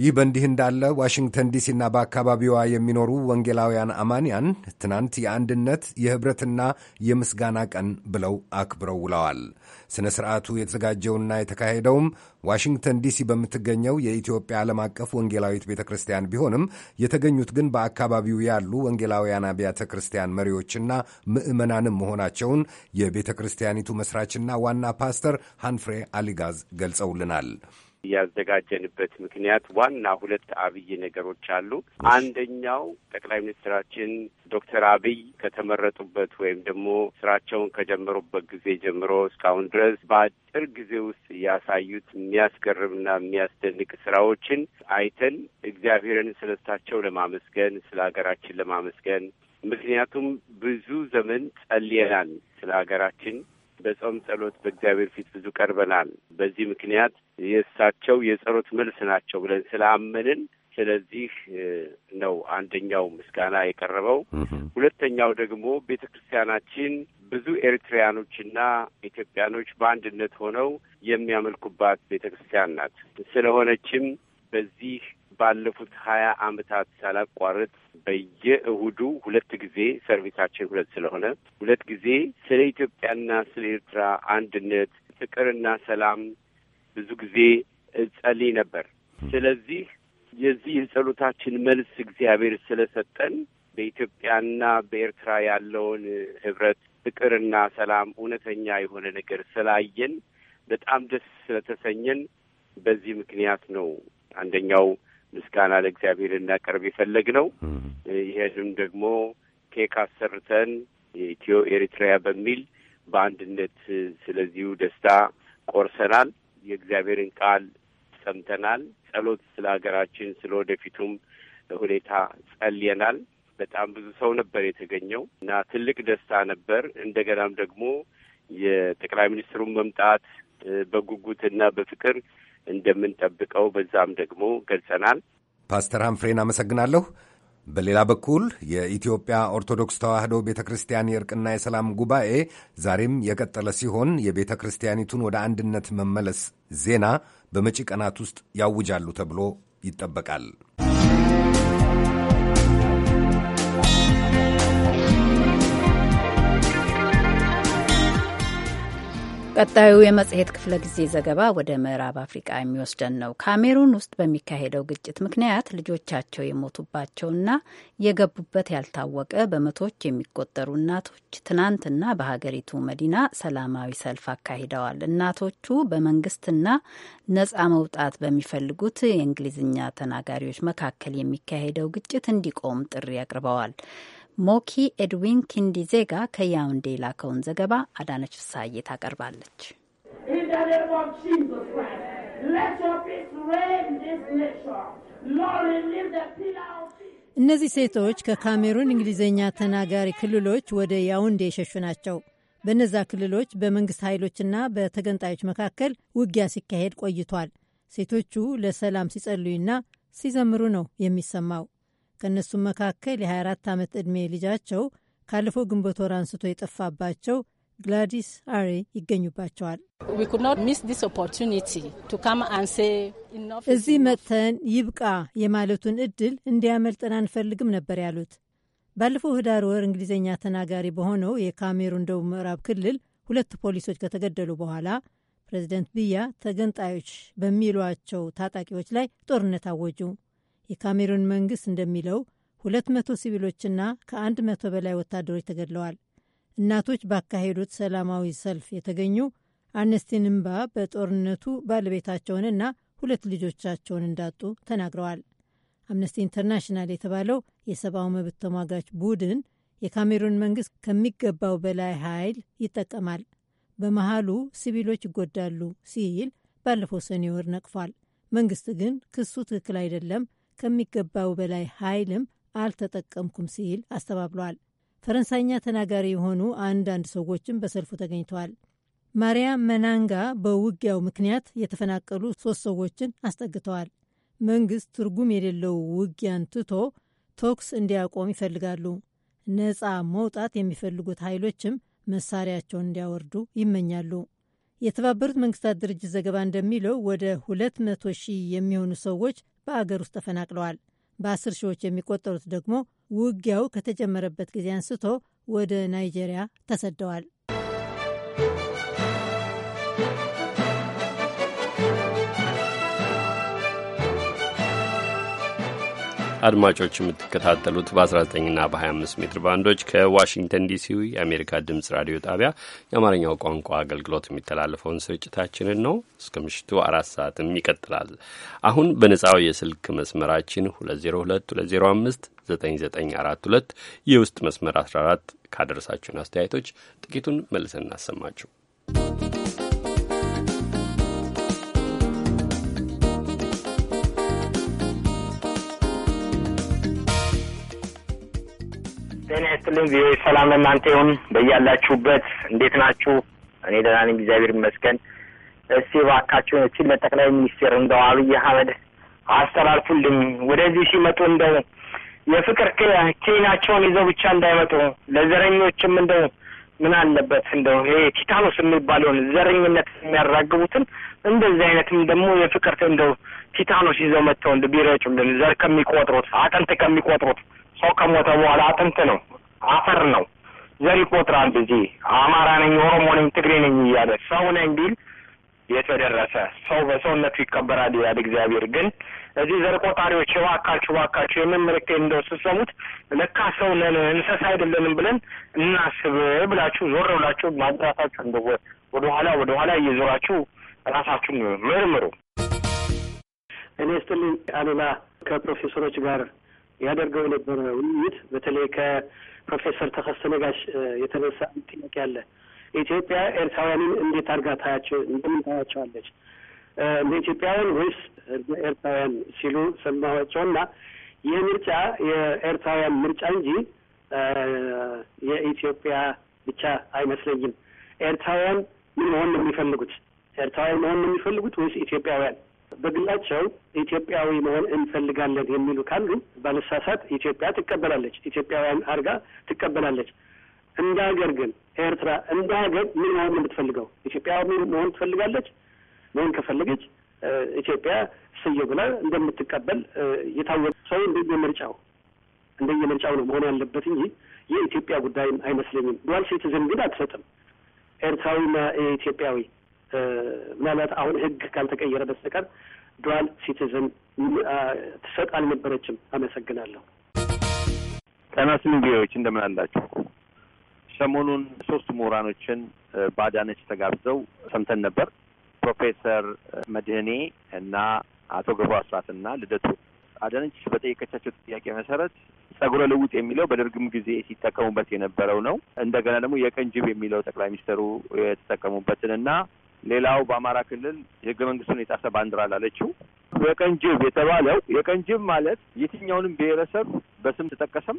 ይህ በእንዲህ እንዳለ ዋሽንግተን ዲሲና በአካባቢዋ የሚኖሩ ወንጌላውያን አማንያን ትናንት የአንድነት የኅብረትና የምስጋና ቀን ብለው አክብረው ውለዋል። ሥነ ሥርዓቱ የተዘጋጀውና የተካሄደውም ዋሽንግተን ዲሲ በምትገኘው የኢትዮጵያ ዓለም አቀፍ ወንጌላዊት ቤተ ክርስቲያን ቢሆንም የተገኙት ግን በአካባቢው ያሉ ወንጌላውያን አብያተ ክርስቲያን መሪዎችና ምዕመናንም መሆናቸውን የቤተ ክርስቲያኒቱ መሥራችና ዋና ፓስተር ሃንፍሬ አሊጋዝ ገልጸውልናል። ያዘጋጀንበት ምክንያት ዋና ሁለት አብይ ነገሮች አሉ። አንደኛው ጠቅላይ ሚኒስትራችን ዶክተር አብይ ከተመረጡበት ወይም ደግሞ ስራቸውን ከጀመሩበት ጊዜ ጀምሮ እስካሁን ድረስ በአጭር ጊዜ ውስጥ ያሳዩት የሚያስገርምና የሚያስደንቅ ስራዎችን አይተን እግዚአብሔርን ስለ እሳቸው ለማመስገን ስለ ሀገራችን ለማመስገን ምክንያቱም ብዙ ዘመን ጸልየናል ስለ ሀገራችን በጾም ጸሎት በእግዚአብሔር ፊት ብዙ ቀርበናል። በዚህ ምክንያት የእሳቸው የጸሎት መልስ ናቸው ብለን ስለአመንን ስለዚህ ነው አንደኛው ምስጋና የቀረበው። ሁለተኛው ደግሞ ቤተ ክርስቲያናችን ብዙ ኤርትራያኖችና ኢትዮጵያኖች በአንድነት ሆነው የሚያመልኩባት ቤተ ክርስቲያን ናት። ስለሆነችም በዚህ ባለፉት ሀያ አመታት ሳላቋርጥ በየእሁዱ ሁለት ጊዜ ሰርቪሳችን ሁለት ስለሆነ ሁለት ጊዜ ስለ ኢትዮጵያና ስለ ኤርትራ አንድነት፣ ፍቅርና ሰላም ብዙ ጊዜ እጸልይ ነበር። ስለዚህ የዚህ የጸሎታችን መልስ እግዚአብሔር ስለሰጠን በኢትዮጵያና በኤርትራ ያለውን ህብረት፣ ፍቅርና ሰላም እውነተኛ የሆነ ነገር ስላየን በጣም ደስ ስለተሰኘን በዚህ ምክንያት ነው አንደኛው ምስጋና ለእግዚአብሔር እናቀርብ የፈለግ ነው። ይህንም ደግሞ ኬክ አሰርተን የኢትዮ ኤሪትሪያ በሚል በአንድነት ስለዚሁ ደስታ ቆርሰናል። የእግዚአብሔርን ቃል ሰምተናል። ጸሎት ስለ ሀገራችን ስለ ወደፊቱም ሁኔታ ጸልየናል። በጣም ብዙ ሰው ነበር የተገኘው እና ትልቅ ደስታ ነበር። እንደገናም ደግሞ የጠቅላይ ሚኒስትሩን መምጣት በጉጉትና በፍቅር እንደምንጠብቀው በዛም ደግሞ ገልጸናል። ፓስተር ሀምፍሬን አመሰግናለሁ። በሌላ በኩል የኢትዮጵያ ኦርቶዶክስ ተዋሕዶ ቤተ ክርስቲያን የእርቅና የሰላም ጉባኤ ዛሬም የቀጠለ ሲሆን የቤተ ክርስቲያኒቱን ወደ አንድነት መመለስ ዜና በመጪ ቀናት ውስጥ ያውጃሉ ተብሎ ይጠበቃል። ቀጣዩ የመጽሔት ክፍለ ጊዜ ዘገባ ወደ ምዕራብ አፍሪቃ የሚወስደን ነው። ካሜሩን ውስጥ በሚካሄደው ግጭት ምክንያት ልጆቻቸው የሞቱባቸውና የገቡበት ያልታወቀ በመቶዎች የሚቆጠሩ እናቶች ትናንትና በሀገሪቱ መዲና ሰላማዊ ሰልፍ አካሂደዋል። እናቶቹ በመንግስትና ነጻ መውጣት በሚፈልጉት የእንግሊዝኛ ተናጋሪዎች መካከል የሚካሄደው ግጭት እንዲቆም ጥሪ አቅርበዋል። ሞኪ ኤድዊን ኪንዲዜጋ ከያውንዴ የላከውን ዘገባ አዳነች ፍሳዬ ታቀርባለች። እነዚህ ሴቶች ከካሜሩን እንግሊዝኛ ተናጋሪ ክልሎች ወደ ያውንዴ የሸሹ ናቸው። በእነዛ ክልሎች በመንግሥት ኃይሎችና በተገንጣዮች መካከል ውጊያ ሲካሄድ ቆይቷል። ሴቶቹ ለሰላም ሲጸልዩና ሲዘምሩ ነው የሚሰማው። ከእነሱም መካከል የ24 ዓመት ዕድሜ ልጃቸው ካለፈው ግንቦት ወር አንስቶ የጠፋባቸው ግላዲስ አሬ ይገኙባቸዋል። እዚህ መጥተን ይብቃ የማለቱን እድል እንዲያመልጠን አንፈልግም ነበር ያሉት። ባለፈው ህዳር ወር እንግሊዝኛ ተናጋሪ በሆነው የካሜሩን ደቡብ ምዕራብ ክልል ሁለት ፖሊሶች ከተገደሉ በኋላ ፕሬዚደንት ብያ ተገንጣዮች በሚሏቸው ታጣቂዎች ላይ ጦርነት አወጁ። የካሜሩን መንግስት እንደሚለው 200 ሲቪሎችና ከ100 በላይ ወታደሮች ተገድለዋል። እናቶች ባካሄዱት ሰላማዊ ሰልፍ የተገኙ አነስቲ ንምባ በጦርነቱ ባለቤታቸውንና ሁለት ልጆቻቸውን እንዳጡ ተናግረዋል። አምነስቲ ኢንተርናሽናል የተባለው የሰብአዊ መብት ተሟጋች ቡድን የካሜሩን መንግስት ከሚገባው በላይ ኃይል ይጠቀማል፣ በመሃሉ ሲቪሎች ይጎዳሉ ሲል ባለፈው ሰኔ ወር ነቅፏል። መንግስት ግን ክሱ ትክክል አይደለም ከሚገባው በላይ ኃይልም አልተጠቀምኩም ሲል አስተባብሏል። ፈረንሳይኛ ተናጋሪ የሆኑ አንዳንድ ሰዎችም በሰልፉ ተገኝተዋል። ማሪያ መናንጋ በውጊያው ምክንያት የተፈናቀሉ ሶስት ሰዎችን አስጠግተዋል። መንግስት ትርጉም የሌለው ውጊያን ትቶ ተኩስ እንዲያቆም ይፈልጋሉ። ነፃ መውጣት የሚፈልጉት ኃይሎችም መሳሪያቸውን እንዲያወርዱ ይመኛሉ። የተባበሩት መንግስታት ድርጅት ዘገባ እንደሚለው ወደ 200 ሺህ የሚሆኑ ሰዎች በአገር ውስጥ ተፈናቅለዋል። በአስር ሺዎች የሚቆጠሩት ደግሞ ውጊያው ከተጀመረበት ጊዜ አንስቶ ወደ ናይጄሪያ ተሰደዋል። አድማጮች የምትከታተሉት በ19ና በ25 ሜትር ባንዶች ከዋሽንግተን ዲሲው የአሜሪካ ድምፅ ራዲዮ ጣቢያ የአማርኛው ቋንቋ አገልግሎት የሚተላለፈውን ስርጭታችንን ነው። እስከ ምሽቱ አራት ሰዓትም ይቀጥላል። አሁን በነጻው የስልክ መስመራችን 2022059942 የውስጥ መስመር 14 ካደረሳችሁን አስተያየቶች ጥቂቱን መልሰን እናሰማችሁ። ያክልን ቪኦኤ ሰላም ለእናንተ ይሁን። በያላችሁበት እንዴት ናችሁ? እኔ ደህና ነኝ እግዚአብሔር ይመስገን። እስቲ እባካችሁ እችን ለጠቅላይ ሚኒስቴር እንደው አብይ አህመድ አስተላልፉልኝ። ወደዚህ ሲመጡ እንደው የፍቅር ኬናቸውን ይዘው ብቻ እንዳይመጡ፣ ለዘረኞችም እንደው ምን አለበት እንደው ይሄ ቲታኖስ የሚባለውን ዘረኝነት የሚያራግቡትን እንደዚህ አይነትም ደግሞ የፍቅር እንደው ቲታኖስ ይዘው መጥተው እንደ ቢረጩልን ዘር ከሚቆጥሩት አጥንት ከሚቆጥሩት ሰው ከሞተ በኋላ አጥንት ነው አፈር ነው። ዘር ይቆጥራል እንጂ አማራ ነኝ፣ ኦሮሞ ነኝ፣ ትግሬ ነኝ እያለ ሰው ነኝ ቢል የተደረሰ ሰው በሰውነቱ ይከበራል ይላል እግዚአብሔር። ግን እዚህ ዘር ቆጣሪዎች እባካችሁ እባካችሁ የምን ምልክት እንደው ስትሰሙት ለካ ሰው ነን እንስሳ አይደለንም ብለን እናስብ ብላችሁ ዞር ብላችሁ ማድራታችሁ እንደ ወደኋላ ወደኋላ እየዞራችሁ ራሳችሁን ምርምሩ። እኔ ስትልኝ አሉላ ከፕሮፌሰሮች ጋር ያደርገው የነበረ ውይይት በተለይ ከፕሮፌሰር ተከስተ ነጋሽ የተነሳ ጥያቄ አለ። ኢትዮጵያ ኤርትራውያንን እንዴት አድርጋ ታያቸው እንደምን ታያቸዋለች? እንደ ኢትዮጵያውያን ወይስ ኤርትራውያን ሲሉ ሰማቸው እና ይህ ምርጫ የኤርትራውያን ምርጫ እንጂ የኢትዮጵያ ብቻ አይመስለኝም። ኤርትራውያን ምን መሆን ነው የሚፈልጉት? ኤርትራውያን መሆን ነው የሚፈልጉት ወይስ ኢትዮጵያውያን? በግላቸው ኢትዮጵያዊ መሆን እንፈልጋለን የሚሉ ካሉ ባነሳሳት ኢትዮጵያ ትቀበላለች፣ ኢትዮጵያውያን አድርጋ ትቀበላለች። እንደ ሀገር ግን ኤርትራ እንደ ሀገር ምን መሆን የምትፈልገው? ኢትዮጵያ መሆን ትፈልጋለች። መሆን ከፈለገች ኢትዮጵያ ስየው ብላ እንደምትቀበል የታወቀ ሰው እንደየምርጫው እንደየምርጫው ነው መሆን ያለበት እንጂ የኢትዮጵያ ጉዳይም አይመስለኝም። ዱዋል ሲቲዝን ግን አትሰጥም ኤርትራዊና ኢትዮጵያዊ ምናልባት አሁን ህግ ካልተቀየረ በስተቀር ዱዋል ሲቲዝን ትሰጥ አልነበረችም። አመሰግናለሁ። ጤና ስንቢዎች እንደምን አላችሁ? ሰሞኑን ሶስት ምሁራኖችን በአዳነች ተጋብዘው ሰምተን ነበር። ፕሮፌሰር መድህኔ እና አቶ ገብሩ አስራትና ልደቱ። አዳነች በጠየቀቻቸው ጥያቄ መሰረት ጸጉረ ልውጥ የሚለው በደርግም ጊዜ ሲጠቀሙበት የነበረው ነው። እንደገና ደግሞ የቀንጅብ የሚለው ጠቅላይ ሚኒስትሩ የተጠቀሙበትን እና ሌላው በአማራ ክልል የህገ መንግስቱን የጣሰ ባንዲራ ላለችው የቀንጅብ የተባለው የቀንጅብ ማለት የትኛውንም ብሔረሰብ በስም ተጠቀሰም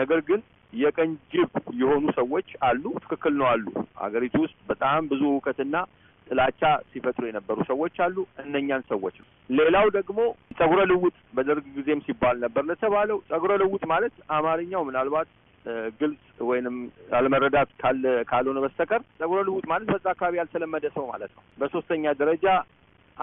ነገር ግን የቀንጅብ የሆኑ ሰዎች አሉ። ትክክል ነው አሉ። አገሪቱ ውስጥ በጣም ብዙ እውቀትና ጥላቻ ሲፈጥሩ የነበሩ ሰዎች አሉ። እነኛን ሰዎች ነው። ሌላው ደግሞ ጸጉረ ልውጥ በደርግ ጊዜም ሲባል ነበር ለተባለው ጸጉረ ልውጥ ማለት አማርኛው ምናልባት ግልጽ ወይንም አለመረዳት ካለ ካልሆነ በስተቀር ጸጉረ ልውጥ ማለት በዛ አካባቢ ያልተለመደ ሰው ማለት ነው። በሶስተኛ ደረጃ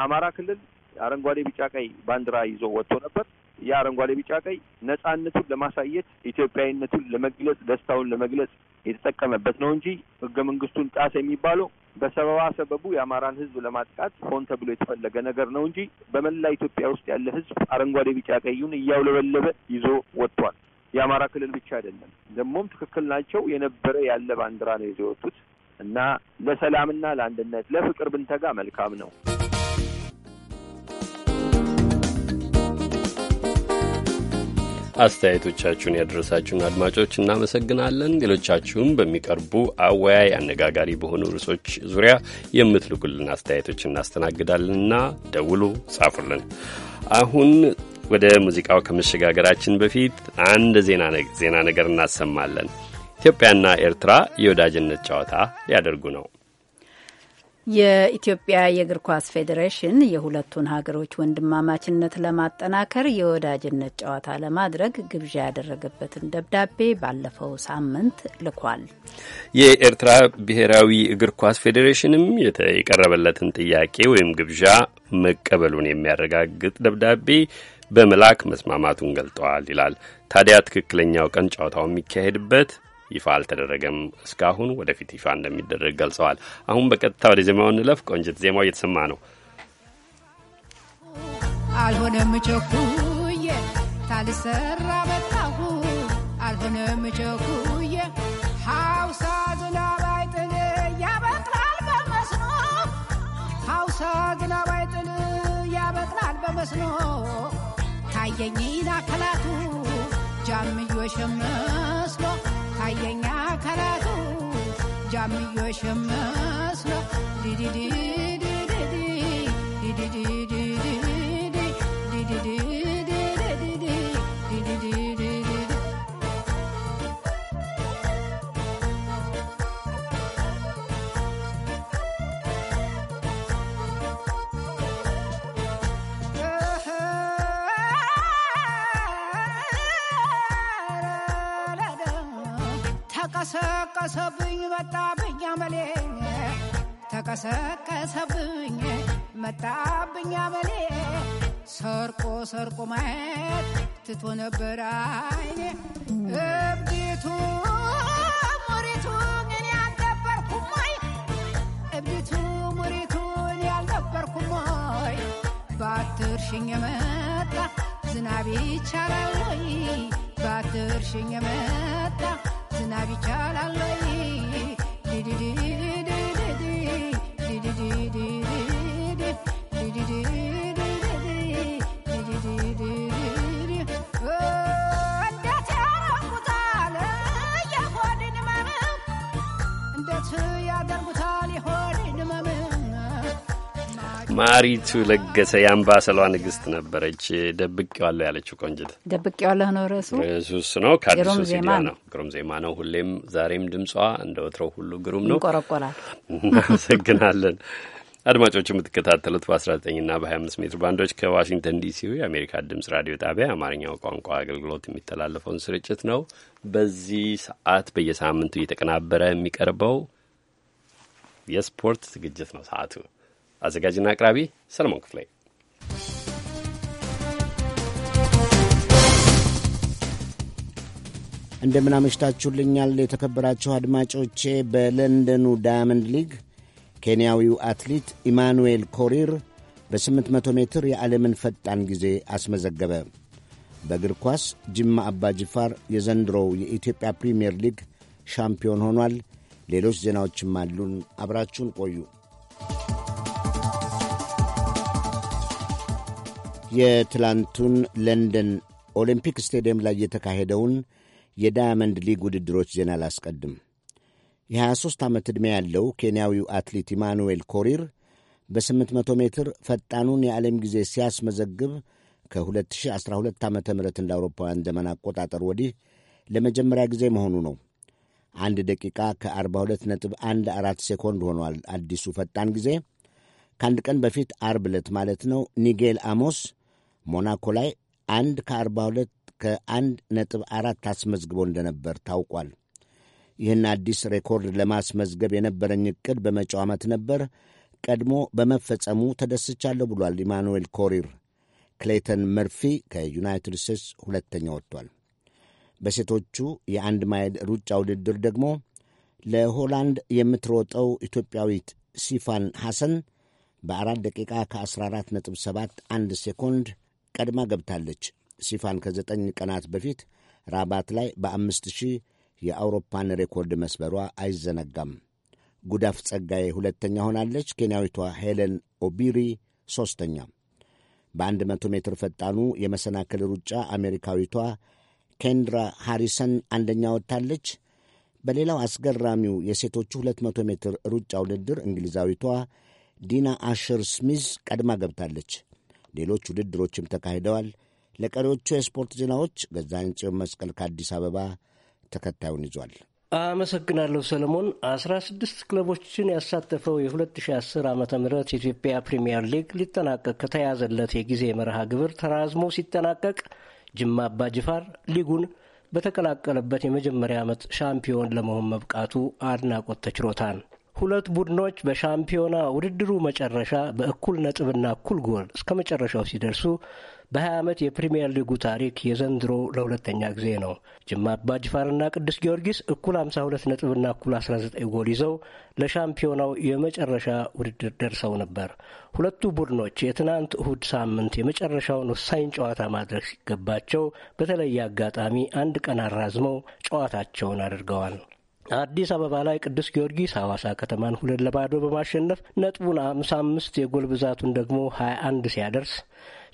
አማራ ክልል አረንጓዴ ቢጫ ቀይ ባንዲራ ይዞ ወጥቶ ነበር። ያ አረንጓዴ ቢጫ ቀይ ነጻነቱን ለማሳየት ኢትዮጵያዊነቱን ለመግለጽ ደስታውን ለመግለጽ የተጠቀመበት ነው እንጂ ህገ መንግስቱን ጣሰ የሚባለው በሰበባ ሰበቡ የአማራን ህዝብ ለማጥቃት ሆን ተብሎ የተፈለገ ነገር ነው እንጂ በመላ ኢትዮጵያ ውስጥ ያለ ህዝብ አረንጓዴ ቢጫ ቀዩን እያውለበለበ ይዞ ወጥቷል። የአማራ ክልል ብቻ አይደለም። ደግሞም ትክክል ናቸው። የነበረ ያለ ባንዲራ ነው ይዘው የወጡት እና ለሰላምና ለአንድነት ለፍቅር ብንተጋ መልካም ነው። አስተያየቶቻችሁን ያደረሳችሁን አድማጮች እናመሰግናለን። ሌሎቻችሁም በሚቀርቡ አወያይ አነጋጋሪ በሆኑ ርዕሶች ዙሪያ የምትልኩልን አስተያየቶች እናስተናግዳለንና ደውሉ፣ ጻፉልን። አሁን ወደ ሙዚቃው ከመሸጋገራችን በፊት አንድ ዜና ነገር እናሰማለን። ኢትዮጵያና ኤርትራ የወዳጅነት ጨዋታ ሊያደርጉ ነው። የኢትዮጵያ የእግር ኳስ ፌዴሬሽን የሁለቱን ሀገሮች ወንድማማችነት ለማጠናከር የወዳጅነት ጨዋታ ለማድረግ ግብዣ ያደረገበትን ደብዳቤ ባለፈው ሳምንት ልኳል። የኤርትራ ብሔራዊ እግር ኳስ ፌዴሬሽንም የቀረበለትን ጥያቄ ወይም ግብዣ መቀበሉን የሚያረጋግጥ ደብዳቤ በመላክ መስማማቱን ገልጠዋል ይላል። ታዲያ ትክክለኛው ቀን ጨዋታው የሚካሄድበት ይፋ አልተደረገም እስካሁን፣ ወደፊት ይፋ እንደሚደረግ ገልጸዋል። አሁን በቀጥታ ወደ ዜማው እንለፍ። ቆንጅት፣ ዜማው እየተሰማ ነው። አልሆነም ቸኩዬ ታልሰራ በጣሁ አልሆነም ቸኩዬ ሀውሳ ዝናብ አይጥል ያበቅላል በመስኖ ሀውሳ ዝናብ አይጥል ያበቅላል በመስኖ ታየኝና አካላቱ ጃምዮ ሸመስሎ ታየኛ አካላቱ ጃምዮ ሸመስሎ ዲዲዲ ዲዲዲ ተቀሰቀሰብኝ መጣብኝ አበሌ ሰርቆ ሰርቆ ማየት ትቶ ነበር አይኔ እብዲቱ ሙሪቱ ግን ያልነበርኩሞይ እብዲቱ ሙሪቱን ያልነበርኩሞይ ባትርሽኝ የመጣ ዝናብ ይቻላል ወይ ባትርሽኝ የመጣ ዝናብ ይቻላል ወይ ዲዲዲ ማሪቱ ለገሰ የአምባሰሏ ንግስት ነበረች። ደብቄዋለሁ ያለችው ቆንጅት ደብቄዋለሁ ነው ርዕሱ። ርዕሱ ነው። ከአዲሱ ዜማ ነው። ግሩም ዜማ ነው። ሁሌም ዛሬም ድምጿ እንደ ወትሮው ሁሉ ግሩም ነው። እንቆረቆራል። እናመሰግናለን። አድማጮች የምትከታተሉት በ19ና በ25 ሜትር ባንዶች ከዋሽንግተን ዲሲ የአሜሪካ ድምጽ ራዲዮ ጣቢያ የአማርኛው ቋንቋ አገልግሎት የሚተላለፈውን ስርጭት ነው። በዚህ ሰዓት በየሳምንቱ እየተቀናበረ የሚቀርበው የስፖርት ዝግጅት ነው ሰዓቱ አዘጋጅና አቅራቢ ሰለሞን ክፍሌ። እንደምናመሽታችሁልኛል የተከበራችሁ አድማጮቼ። በለንደኑ ዳያመንድ ሊግ ኬንያዊው አትሌት ኢማኑኤል ኮሪር በ800 ሜትር የዓለምን ፈጣን ጊዜ አስመዘገበ። በእግር ኳስ ጅማ አባ ጅፋር የዘንድሮው የኢትዮጵያ ፕሪምየር ሊግ ሻምፒዮን ሆኗል። ሌሎች ዜናዎችም አሉን። አብራችሁን ቆዩ። የትላንቱን ለንደን ኦሊምፒክ ስቴዲየም ላይ የተካሄደውን የዳያመንድ ሊግ ውድድሮች ዜና ላስቀድም። የ23 ዓመት ዕድሜ ያለው ኬንያዊው አትሌት ኢማኑዌል ኮሪር በ800 ሜትር ፈጣኑን የዓለም ጊዜ ሲያስመዘግብ ከ2012 ዓ ም እንደ አውሮፓውያን ዘመን አቆጣጠር ወዲህ ለመጀመሪያ ጊዜ መሆኑ ነው። አንድ ደቂቃ ከ42.14 ሴኮንድ ሆኗል አዲሱ ፈጣን ጊዜ። ከአንድ ቀን በፊት አርብ ዕለት ማለት ነው ኒጌል አሞስ ሞናኮ ላይ አንድ ከአርባ ሁለት ከአንድ ነጥብ አራት አስመዝግቦ እንደነበር ታውቋል። ይህን አዲስ ሬኮርድ ለማስመዝገብ የነበረኝ ዕቅድ በመጪው ዓመት ነበር፣ ቀድሞ በመፈጸሙ ተደስቻለሁ ብሏል ኢማኑዌል ኮሪር። ክሌተን መርፊ ከዩናይትድ ስቴትስ ሁለተኛ ወጥቷል። በሴቶቹ የአንድ ማይል ሩጫ ውድድር ደግሞ ለሆላንድ የምትሮጠው ኢትዮጵያዊት ሲፋን ሐሰን በአራት ደቂቃ ከ14.71 ሴኮንድ ቀድማ ገብታለች። ሲፋን ከዘጠኝ ቀናት በፊት ራባት ላይ በአምስት ሺህ የአውሮፓን ሬኮርድ መስበሯ አይዘነጋም። ጉዳፍ ጸጋዬ ሁለተኛ ሆናለች። ኬንያዊቷ ሄለን ኦቢሪ ሦስተኛ። በአንድ መቶ ሜትር ፈጣኑ የመሰናክል ሩጫ አሜሪካዊቷ ኬንድራ ሃሪሰን አንደኛ ወጥታለች። በሌላው አስገራሚው የሴቶቹ 200 ሜትር ሩጫ ውድድር እንግሊዛዊቷ ዲና አሸር ስሚዝ ቀድማ ገብታለች። ሌሎች ውድድሮችም ተካሂደዋል። ለቀሪዎቹ የስፖርት ዜናዎች ገዛኸኝ ጽዮን መስቀል ከአዲስ አበባ ተከታዩን ይዟል። አመሰግናለሁ ሰለሞን። አስራ ስድስት ክለቦችን ያሳተፈው የ2010 ዓ ም የኢትዮጵያ ፕሪምየር ሊግ ሊጠናቀቅ ከተያዘለት የጊዜ መርሃ ግብር ተራዝሞ ሲጠናቀቅ ጅማ አባ ጅፋር ሊጉን በተቀላቀለበት የመጀመሪያ ዓመት ሻምፒዮን ለመሆን መብቃቱ አድናቆት ተችሮታል። ሁለት ቡድኖች በሻምፒዮና ውድድሩ መጨረሻ በእኩል ነጥብና እኩል ጎል እስከ መጨረሻው ሲደርሱ በ20 ዓመት የፕሪምየር ሊጉ ታሪክ የዘንድሮ ለሁለተኛ ጊዜ ነው። ጅማ አባ ጅፋርና ቅዱስ ጊዮርጊስ እኩል 52 ነጥብና እኩል 19 ጎል ይዘው ለሻምፒዮናው የመጨረሻ ውድድር ደርሰው ነበር። ሁለቱ ቡድኖች የትናንት እሁድ ሳምንት የመጨረሻውን ወሳኝ ጨዋታ ማድረግ ሲገባቸው በተለየ አጋጣሚ አንድ ቀን አራዝመው ጨዋታቸውን አድርገዋል። አዲስ አበባ ላይ ቅዱስ ጊዮርጊስ ሐዋሳ ከተማን ሁለት ለባዶ በማሸነፍ ነጥቡን አምሳ አምስት የጎል ብዛቱን ደግሞ ሀያ አንድ ሲያደርስ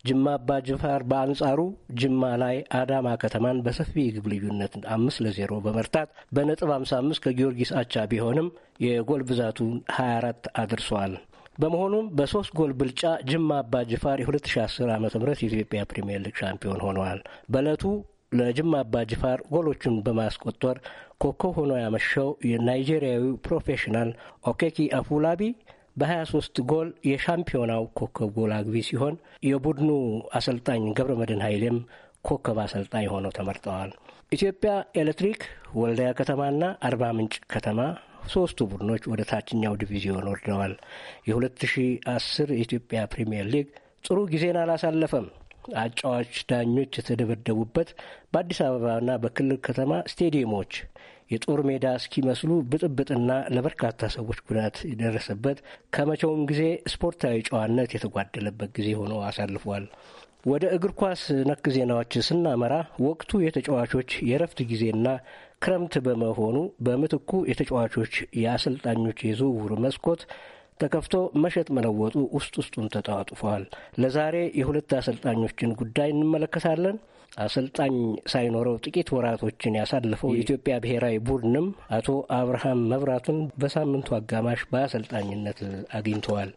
ጅማ አባ ጅፋር በአንጻሩ ጅማ ላይ አዳማ ከተማን በሰፊ የግብ ልዩነት አምስት ለዜሮ በመርታት በነጥብ አምሳ አምስት ከጊዮርጊስ አቻ ቢሆንም የጎል ብዛቱ ሀያ አራት አድርሷል። በመሆኑም በሶስት ጎል ብልጫ ጅማ አባ ጅፋር የ2010 ዓ ም የኢትዮጵያ ፕሪምየር ሊግ ሻምፒዮን ሆነዋል። በእለቱ ለጅማ አባ ጅፋር ጎሎቹን በማስቆጠር ኮከብ ሆኖ ያመሸው የናይጄሪያዊው ፕሮፌሽናል ኦኬኪ አፉላቢ በ23 ጎል የሻምፒዮናው ኮከብ ጎል አግቢ ሲሆን የቡድኑ አሰልጣኝ ገብረ መድን ኃይሌም ኮከብ አሰልጣኝ ሆነው ተመርጠዋል። ኢትዮጵያ ኤሌክትሪክ፣ ወልዳያ ከተማና አርባ ምንጭ ከተማ ሶስቱ ቡድኖች ወደ ታችኛው ዲቪዚዮን ወርደዋል። የ2010 የኢትዮጵያ ፕሪምየር ሊግ ጥሩ ጊዜን አላሳለፈም። አጫዋች ዳኞች የተደበደቡበት በአዲስ አበባና በክልል ከተማ ስቴዲየሞች የጦር ሜዳ እስኪመስሉ ብጥብጥና ለበርካታ ሰዎች ጉዳት የደረሰበት ከመቼውም ጊዜ ስፖርታዊ ጨዋነት የተጓደለበት ጊዜ ሆኖ አሳልፏል። ወደ እግር ኳስ ነክ ዜናዎች ስናመራ ወቅቱ የተጫዋቾች የረፍት ጊዜና ክረምት በመሆኑ በምትኩ የተጫዋቾች የአሰልጣኞች የዝውውር መስኮት ተከፍቶ መሸጥ መለወጡ ውስጥ ውስጡን ተጠዋጥፏል። ለዛሬ የሁለት አሰልጣኞችን ጉዳይ እንመለከታለን። አሰልጣኝ ሳይኖረው ጥቂት ወራቶችን ያሳለፈው የኢትዮጵያ ብሔራዊ ቡድንም አቶ አብርሃም መብራቱን በሳምንቱ አጋማሽ በአሰልጣኝነት አግኝተዋል።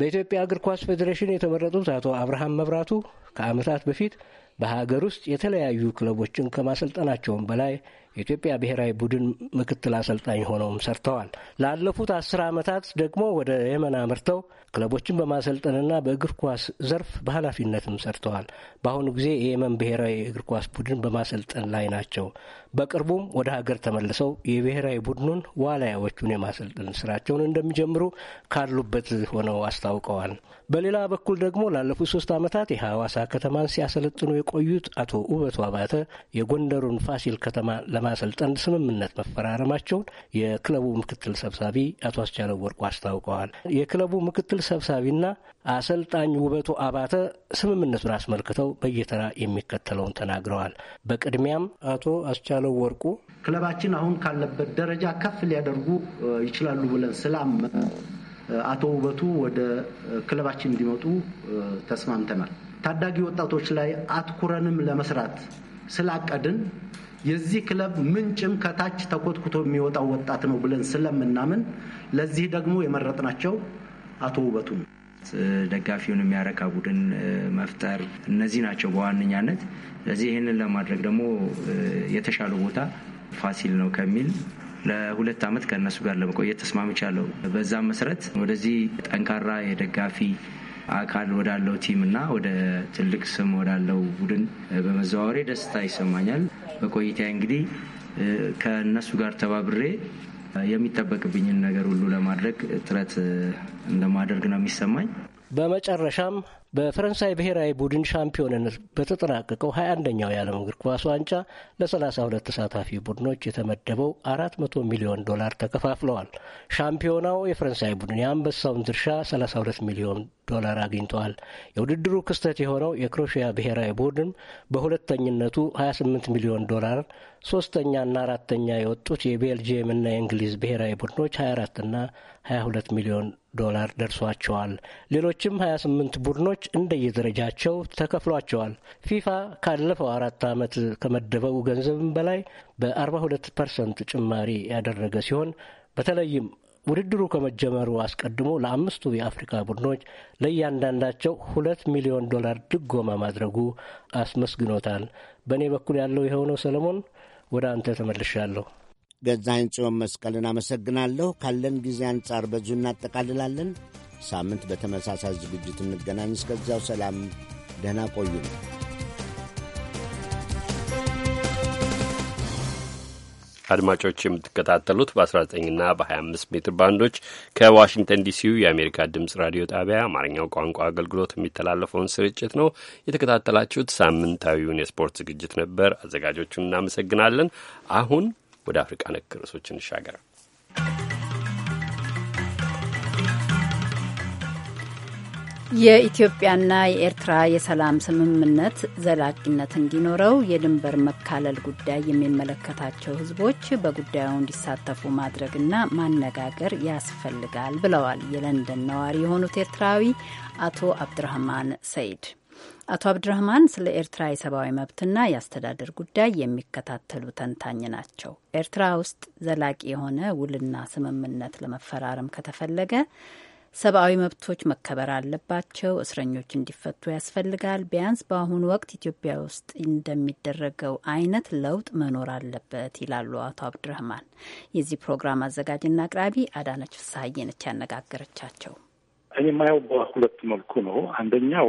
በኢትዮጵያ እግር ኳስ ፌዴሬሽን የተመረጡት አቶ አብርሃም መብራቱ ከዓመታት በፊት በሀገር ውስጥ የተለያዩ ክለቦችን ከማሰልጠናቸውም በላይ የኢትዮጵያ ብሔራዊ ቡድን ምክትል አሰልጣኝ ሆነውም ሰርተዋል። ላለፉት አስር ዓመታት ደግሞ ወደ የመን አምርተው ክለቦችን በማሰልጠንና በእግር ኳስ ዘርፍ በኃላፊነትም ሰርተዋል። በአሁኑ ጊዜ የየመን ብሔራዊ እግር ኳስ ቡድን በማሰልጠን ላይ ናቸው። በቅርቡም ወደ ሀገር ተመልሰው የብሔራዊ ቡድኑን ዋልያዎቹን የማሰልጠን ስራቸውን እንደሚጀምሩ ካሉበት ሆነው አስታውቀዋል። በሌላ በኩል ደግሞ ላለፉት ሶስት ዓመታት የሐዋሳ ከተማን ሲያሰለጥኑ የቆዩት አቶ ውበቱ አባተ የጎንደሩን ፋሲል ከተማ ለማሰልጠን ስምምነት መፈራረማቸውን የክለቡ ምክትል ሰብሳቢ አቶ አስቻለው ወርቁ አስታውቀዋል። የክለቡ ምክትል ሰብሳቢና አሰልጣኝ ውበቱ አባተ ስምምነቱን አስመልክተው በየተራ የሚከተለውን ተናግረዋል። በቅድሚያም አቶ አስቻለው ወርቁ ክለባችን አሁን ካለበት ደረጃ ከፍ ሊያደርጉ ይችላሉ ብለን ስላም አቶ ውበቱ ወደ ክለባችን እንዲመጡ ተስማምተናል። ታዳጊ ወጣቶች ላይ አትኩረንም ለመስራት ስላቀድን የዚህ ክለብ ምንጭም ከታች ተኮትኩቶ የሚወጣው ወጣት ነው ብለን ስለምናምን ለዚህ ደግሞ የመረጥናቸው አቶ ውበቱ ደጋፊውን የሚያረካ ቡድን መፍጠር እነዚህ ናቸው በዋነኛነት። ለዚህ ይህንን ለማድረግ ደግሞ የተሻለ ቦታ ፋሲል ነው ከሚል ለሁለት ዓመት ከእነሱ ጋር ለመቆየት ተስማምቻለሁ። በዛም መሰረት ወደዚህ ጠንካራ የደጋፊ አካል ወዳለው ቲም እና ወደ ትልቅ ስም ወዳለው ቡድን በመዘዋወሬ ደስታ ይሰማኛል። በቆይታ እንግዲህ ከእነሱ ጋር ተባብሬ የሚጠበቅብኝን ነገር ሁሉ ለማድረግ ጥረት እንደማደርግ ነው የሚሰማኝ። በመጨረሻም በፈረንሳይ ብሔራዊ ቡድን ሻምፒዮንነት በተጠናቀቀው 21 አንደኛው የዓለም እግር ኳስ ዋንጫ ለ32 ተሳታፊ ቡድኖች የተመደበው 400 ሚሊዮን ዶላር ተከፋፍለዋል። ሻምፒዮናው የፈረንሳይ ቡድን የአንበሳውን ድርሻ 32 ሚሊዮን ዶላር አግኝተዋል። የውድድሩ ክስተት የሆነው የክሮሽያ ብሔራዊ ቡድን በሁለተኝነቱ 28 ሚሊዮን ዶላር፣ ሶስተኛና አራተኛ የወጡት የቤልጅየምና የእንግሊዝ ብሔራዊ ቡድኖች 24ና 22 ሚሊዮን ዶላር ደርሷቸዋል። ሌሎችም 28 ቡድኖች እንደየደረጃቸው ተከፍሏቸዋል። ፊፋ ካለፈው አራት ዓመት ከመደበው ገንዘብም በላይ በ42 ፐርሰንት ጭማሪ ያደረገ ሲሆን በተለይም ውድድሩ ከመጀመሩ አስቀድሞ ለአምስቱ የአፍሪካ ቡድኖች ለእያንዳንዳቸው ሁለት ሚሊዮን ዶላር ድጎማ ማድረጉ አስመስግኖታል። በእኔ በኩል ያለው የሆነው ሰለሞን፣ ወደ አንተ ተመልሻለሁ። ገዛኸኝ ጽዮን መስቀልን አመሰግናለሁ። ካለን ጊዜ አንጻር በዚሁ እናጠቃልላለን። ሳምንት በተመሳሳይ ዝግጅት እንገናኝ። እስከዚያው ሰላም፣ ደህና ቆዩ። አድማጮች የምትከታተሉት በ19ና በ25 ሜትር ባንዶች ከዋሽንግተን ዲሲው የአሜሪካ ድምፅ ራዲዮ ጣቢያ አማርኛው ቋንቋ አገልግሎት የሚተላለፈውን ስርጭት ነው የተከታተላችሁት። ሳምንታዊውን የስፖርት ዝግጅት ነበር። አዘጋጆቹን እናመሰግናለን። አሁን ወደ አፍሪቃ ነክ ርዕሶች እንሻገር። የኢትዮጵያና የኤርትራ የሰላም ስምምነት ዘላቂነት እንዲኖረው የድንበር መካለል ጉዳይ የሚመለከታቸው ህዝቦች በጉዳዩ እንዲሳተፉ ማድረግና ማነጋገር ያስፈልጋል ብለዋል የለንደን ነዋሪ የሆኑት ኤርትራዊ አቶ አብድራህማን ሰይድ። አቶ አብድረህማን ስለ ኤርትራ የሰብአዊ መብትና የአስተዳደር ጉዳይ የሚከታተሉ ተንታኝ ናቸው። ኤርትራ ውስጥ ዘላቂ የሆነ ውልና ስምምነት ለመፈራረም ከተፈለገ ሰብአዊ መብቶች መከበር አለባቸው። እስረኞች እንዲፈቱ ያስፈልጋል። ቢያንስ በአሁኑ ወቅት ኢትዮጵያ ውስጥ እንደሚደረገው አይነት ለውጥ መኖር አለበት ይላሉ አቶ አብድረህማን። የዚህ ፕሮግራም አዘጋጅና አቅራቢ አዳነች ፍስሀዬ ነች ያነጋገረቻቸው። እኔ የማየው በሁለት መልኩ ነው። አንደኛው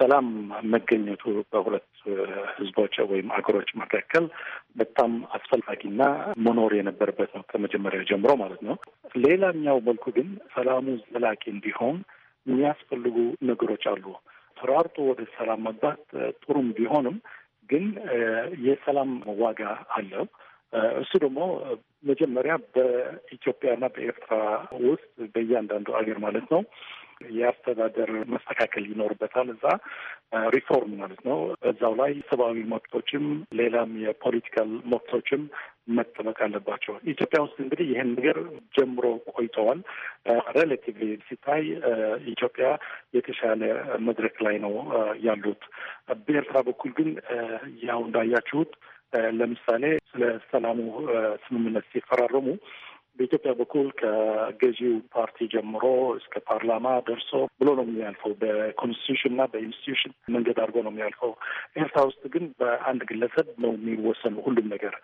ሰላም መገኘቱ በሁለት ህዝቦች ወይም አገሮች መካከል በጣም አስፈላጊና መኖር የነበረበት ነው ከመጀመሪያው ጀምሮ ማለት ነው። ሌላኛው መልኩ ግን ሰላሙ ዘላቂ እንዲሆን የሚያስፈልጉ ነገሮች አሉ። ተራርጦ ወደ ሰላም መግባት ጥሩም ቢሆንም ግን የሰላም ዋጋ አለው። እሱ ደግሞ መጀመሪያ በኢትዮጵያና በኤርትራ ውስጥ በእያንዳንዱ አገር ማለት ነው የአስተዳደር መስተካከል ይኖርበታል። እዛ ሪፎርም ማለት ነው። እዛው ላይ ሰብአዊ መብቶችም ሌላም የፖለቲካል መብቶችም መጠበቅ አለባቸው። ኢትዮጵያ ውስጥ እንግዲህ ይህን ነገር ጀምሮ ቆይተዋል። ሬሌቲቭሊ ሲታይ ኢትዮጵያ የተሻለ መድረክ ላይ ነው ያሉት። በኤርትራ በኩል ግን ያው እንዳያችሁት ለምሳሌ ስለ ሰላሙ ስምምነት ሲፈራረሙ በኢትዮጵያ በኩል ከገዢው ፓርቲ ጀምሮ እስከ ፓርላማ ደርሶ ብሎ ነው የሚያልፈው። በኮንስቲቱሽን እና በኢንስቲቱሽን መንገድ አድርጎ ነው የሚያልፈው። ኤርትራ ውስጥ ግን በአንድ ግለሰብ ነው የሚወሰኑ ሁሉም ነገር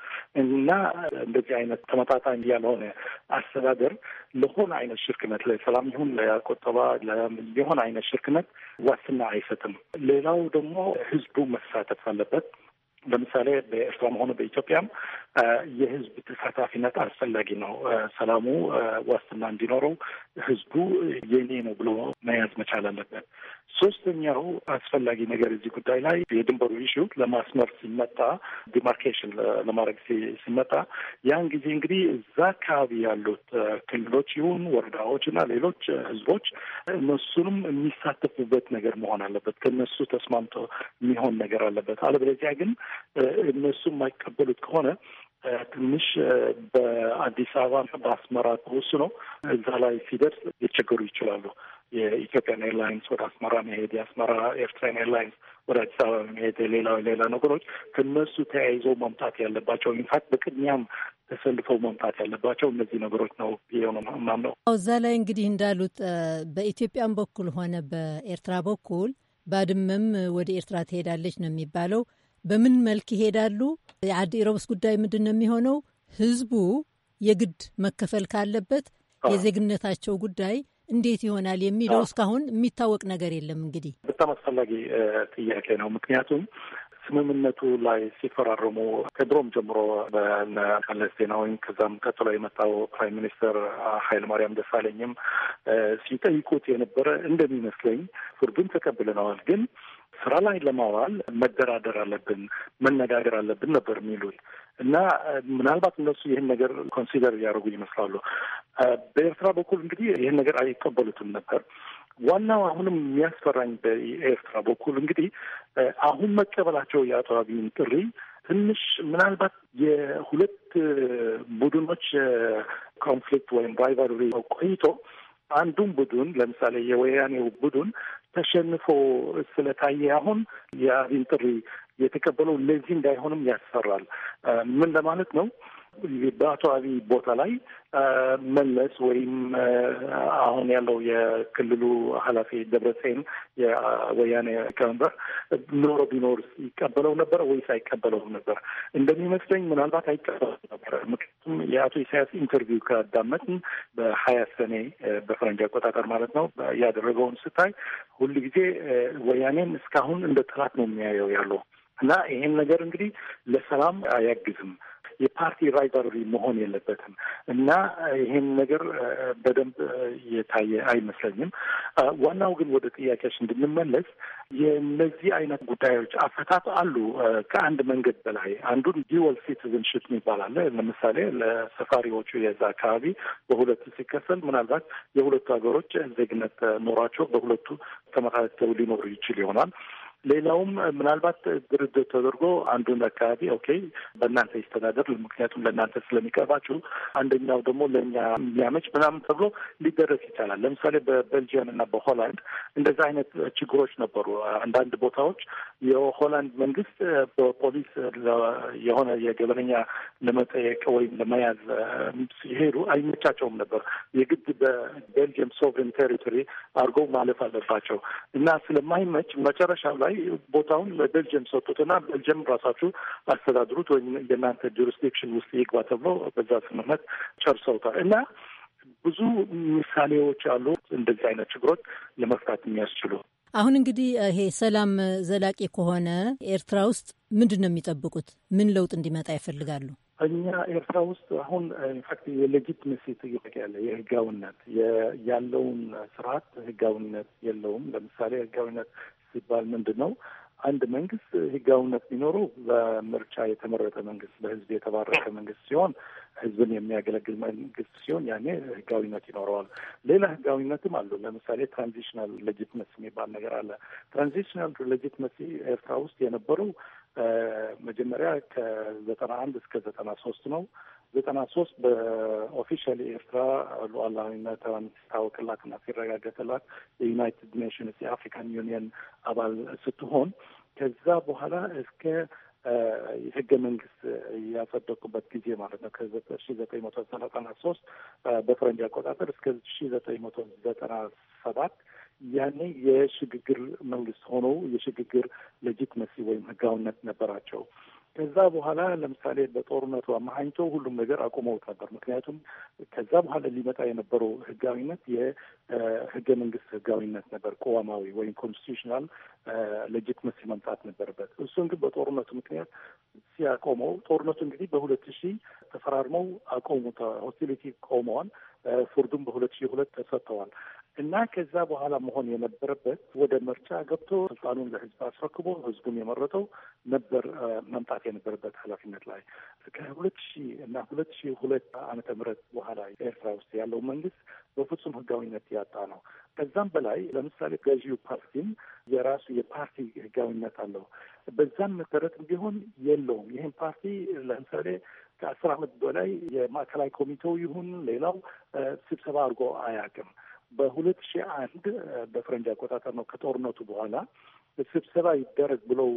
እና እንደዚህ አይነት ተመጣጣኝ ያልሆነ አስተዳደር ለሆነ አይነት ሽርክነት ለሰላም ይሁን ለቆጠባ የሆነ አይነት ሽርክነት ዋስትና አይሰጥም። ሌላው ደግሞ ህዝቡ መሳተፍ አለበት። ለምሳሌ በኤርትራም ሆነ በኢትዮጵያም የህዝብ ተሳታፊነት አስፈላጊ ነው። ሰላሙ ዋስትና እንዲኖረው ህዝቡ የኔ ነው ብሎ መያዝ መቻል አለበት። ሶስተኛው አስፈላጊ ነገር እዚህ ጉዳይ ላይ የድንበሩ ኢሹ ለማስመር ሲመጣ ዲማርኬሽን ለማድረግ ሲመጣ ያን ጊዜ እንግዲህ እዛ አካባቢ ያሉት ክልሎች ይሁን ወረዳዎች እና ሌሎች ህዝቦች እነሱንም የሚሳተፉበት ነገር መሆን አለበት። ከነሱ ተስማምቶ የሚሆን ነገር አለበት። አለበለዚያ ግን እነሱ የማይቀበሉት ከሆነ ትንሽ በአዲስ አበባና በአስመራ ተወስኖ እዛ ላይ ሲደርስ ሊቸገሩ ይችላሉ። የኢትዮጵያን ኤርላይንስ ወደ አስመራ መሄድ፣ የአስመራ ኤርትራን ኤርላይንስ ወደ አዲስ አበባ መሄድ፣ ሌላ ሌላ ነገሮች ከነሱ ተያይዘው መምጣት ያለባቸው ኢንፋክት በቅድሚያም ተሰልፈው መምጣት ያለባቸው እነዚህ ነገሮች ነው የሆነ ማምነው። ማምነው። እዛ ላይ እንግዲህ እንዳሉት በኢትዮጵያም በኩል ሆነ በኤርትራ በኩል ባድመም ወደ ኤርትራ ትሄዳለች ነው የሚባለው በምን መልክ ይሄዳሉ? የአዲ ኢሮብስ ጉዳይ ምንድን ነው የሚሆነው? ህዝቡ የግድ መከፈል ካለበት የዜግነታቸው ጉዳይ እንዴት ይሆናል የሚለው እስካሁን የሚታወቅ ነገር የለም። እንግዲህ በጣም አስፈላጊ ጥያቄ ነው። ምክንያቱም ስምምነቱ ላይ ሲፈራረሙ ከድሮም ጀምሮ በመለስ ዜናዊ ከዛም ቀጥሎ የመጣው ፕራይም ሚኒስትር ኃይለማርያም ማርያም ደሳለኝም ሲጠይቁት የነበረ እንደሚመስለኝ ፍርዱን ተቀብለነዋል ግን ስራ ላይ ለማዋል መደራደር አለብን፣ መነጋገር አለብን ነበር የሚሉት እና ምናልባት እነሱ ይህን ነገር ኮንሲደር እያደረጉ ይመስላሉ። በኤርትራ በኩል እንግዲህ ይህን ነገር አይቀበሉትም ነበር። ዋናው አሁንም የሚያስፈራኝ በኤርትራ በኩል እንግዲህ አሁን መቀበላቸው የአቶ አብይን ጥሪ ትንሽ ምናልባት የሁለት ቡድኖች ኮንፍሊክት ወይም ራይቫልሪ ቆይቶ አንዱን ቡድን ለምሳሌ የወያኔው ቡድን ተሸንፎ ስለታየ አሁን የአብን ጥሪ የተቀበለው ለዚህ እንዳይሆንም ያሰራል። ምን ለማለት ነው? በአቶ ቦታ ላይ መለስ ወይም አሁን ያለው የክልሉ ኃላፊ ደብረጽዮን የወያኔ ሊቀመንበር ኖሮ ቢኖር ይቀበለው ነበር ወይስ አይቀበለውም ነበር? እንደሚመስለኝ ምናልባት አይቀበለው ነበር። ምክንያቱም የአቶ ኢሳያስ ኢንተርቪው ካዳመጥን በሀያ ሰኔ በፈረንጅ አቆጣጠር ማለት ነው ያደረገውን ስታይ ሁል ጊዜ ወያኔን እስካሁን እንደ ጠላት ነው የሚያየው ያለው እና ይሄን ነገር እንግዲህ ለሰላም አያግዝም። የፓርቲ ራይቫልሪ መሆን የለበትም እና ይህን ነገር በደንብ የታየ አይመስለኝም። ዋናው ግን ወደ ጥያቄዎች እንድንመለስ የእነዚህ አይነት ጉዳዮች አፈታት አሉ። ከአንድ መንገድ በላይ አንዱን ዲወል ሲቲዝንሽፕ የሚባል አለ። ለምሳሌ ለሰፋሪዎቹ የዛ አካባቢ በሁለቱ ሲከፈል ምናልባት የሁለቱ ሀገሮች ዜግነት ኖሯቸው በሁለቱ ተመሳሳይ ሊኖሩ ይችል ይሆናል። ሌላውም ምናልባት ድርድር ተደርጎ አንዱን አካባቢ ኦኬ በእናንተ ይስተዳደር፣ ምክንያቱም ለእናንተ ስለሚቀርባችሁ፣ አንደኛው ደግሞ ለእኛ የሚያመች ምናምን ተብሎ ሊደረስ ይቻላል። ለምሳሌ በቤልጅየም እና በሆላንድ እንደዛ አይነት ችግሮች ነበሩ። አንዳንድ ቦታዎች የሆላንድ መንግስት በፖሊስ የሆነ የገበነኛ ለመጠየቅ ወይም ለመያዝ ሲሄዱ አይመቻቸውም ነበር። የግድ በቤልጅየም ሶቨሬን ቴሪቶሪ አድርገው ማለፍ አለባቸው እና ስለማይመች መጨረሻ ላይ ቦታውን ለቤልጅየም ሰጡትና ቤልጅየም ራሳችሁ አስተዳድሩት ወይም የእናንተ ጁሪስዲክሽን ውስጥ ይግባ ተብሎ በዛ ስምምነት ጨርሰውታል እና ብዙ ምሳሌዎች አሉ እንደዚህ አይነት ችግሮች ለመፍታት የሚያስችሉ። አሁን እንግዲህ ይሄ ሰላም ዘላቂ ከሆነ ኤርትራ ውስጥ ምንድን ነው የሚጠብቁት? ምን ለውጥ እንዲመጣ ይፈልጋሉ? እኛ ኤርትራ ውስጥ አሁን ኢንፋክት የሌጂትመሲ ጥያቄ ያለ የህጋዊነት ያለውን ስርዓት ህጋዊነት የለውም። ለምሳሌ ህጋዊነት ሲባል ምንድን ነው? አንድ መንግስት ህጋዊነት ቢኖረው በምርጫ የተመረጠ መንግስት፣ በህዝብ የተባረከ መንግስት ሲሆን ህዝብን የሚያገለግል መንግስት ሲሆን ያኔ ህጋዊነት ይኖረዋል። ሌላ ህጋዊነትም አሉ። ለምሳሌ ትራንዚሽናል ሌጂትመሲ የሚባል ነገር አለ። ትራንዚሽናል ሌጂትመሲ ኤርትራ ውስጥ የነበረው መጀመሪያ ከዘጠና አንድ እስከ ዘጠና ሶስት ነው። ዘጠና ሶስት በኦፊሻል የኤርትራ ሉዓላዊነቷን ሲታወቅላትና ሲረጋገጥላት የዩናይትድ ኔሽንስ የአፍሪካን ዩኒየን አባል ስትሆን ከዛ በኋላ እስከ የህገ መንግስት ያጸደቁበት ጊዜ ማለት ነው ከዘጠኝ ሺ ዘጠኝ መቶ ዘጠና ሶስት በፈረንጅ አቆጣጠር እስከ ሺ ዘጠኝ መቶ ዘጠና ሰባት ያኔ የሽግግር መንግስት ሆኖ የሽግግር መሲ ወይም ህጋዊነት ነበራቸው። ከዛ በኋላ ለምሳሌ በጦርነቱ አማካኝቶ ሁሉም ነገር አቁመውት ነበር። ምክንያቱም ከዛ በኋላ ሊመጣ የነበረው ህጋዊነት የህገ መንግስት ህጋዊነት ነበር፣ ቆዋማዊ ወይም ኮንስቲቱሽናል መሲ መምጣት ነበረበት። እሱን ግን በጦርነቱ ምክንያት ሲያቆመው ጦርነቱ እንግዲህ በሁለት ሺ ተፈራርመው አቆሙ፣ ሆስቲሊቲ ቆመዋል። ፍርዱም በሁለት ሺ ሁለት ተሰጥተዋል። እና ከዛ በኋላ መሆን የነበረበት ወደ ምርጫ ገብቶ ስልጣኑን ለህዝብ አስረክቦ ህዝቡን የመረጠው ነበር መምጣት የነበረበት ኃላፊነት ላይ ከሁለት ሺ እና ሁለት ሺ ሁለት ዓመተ ምህረት በኋላ ኤርትራ ውስጥ ያለው መንግስት በፍጹም ህጋዊነት ያጣ ነው። ከዛም በላይ ለምሳሌ ገዢው ፓርቲም የራሱ የፓርቲ ህጋዊነት አለው። በዛም መሰረት ቢሆን የለውም። ይህም ፓርቲ ለምሳሌ ከአስር ዓመት በላይ የማዕከላዊ ኮሚቴው ይሁን ሌላው ስብሰባ አድርጎ አያውቅም። በሁለት ሺ አንድ በፈረንጅ አቆጣጠር ነው ከጦርነቱ በኋላ ስብሰባ ይደረግ ብለው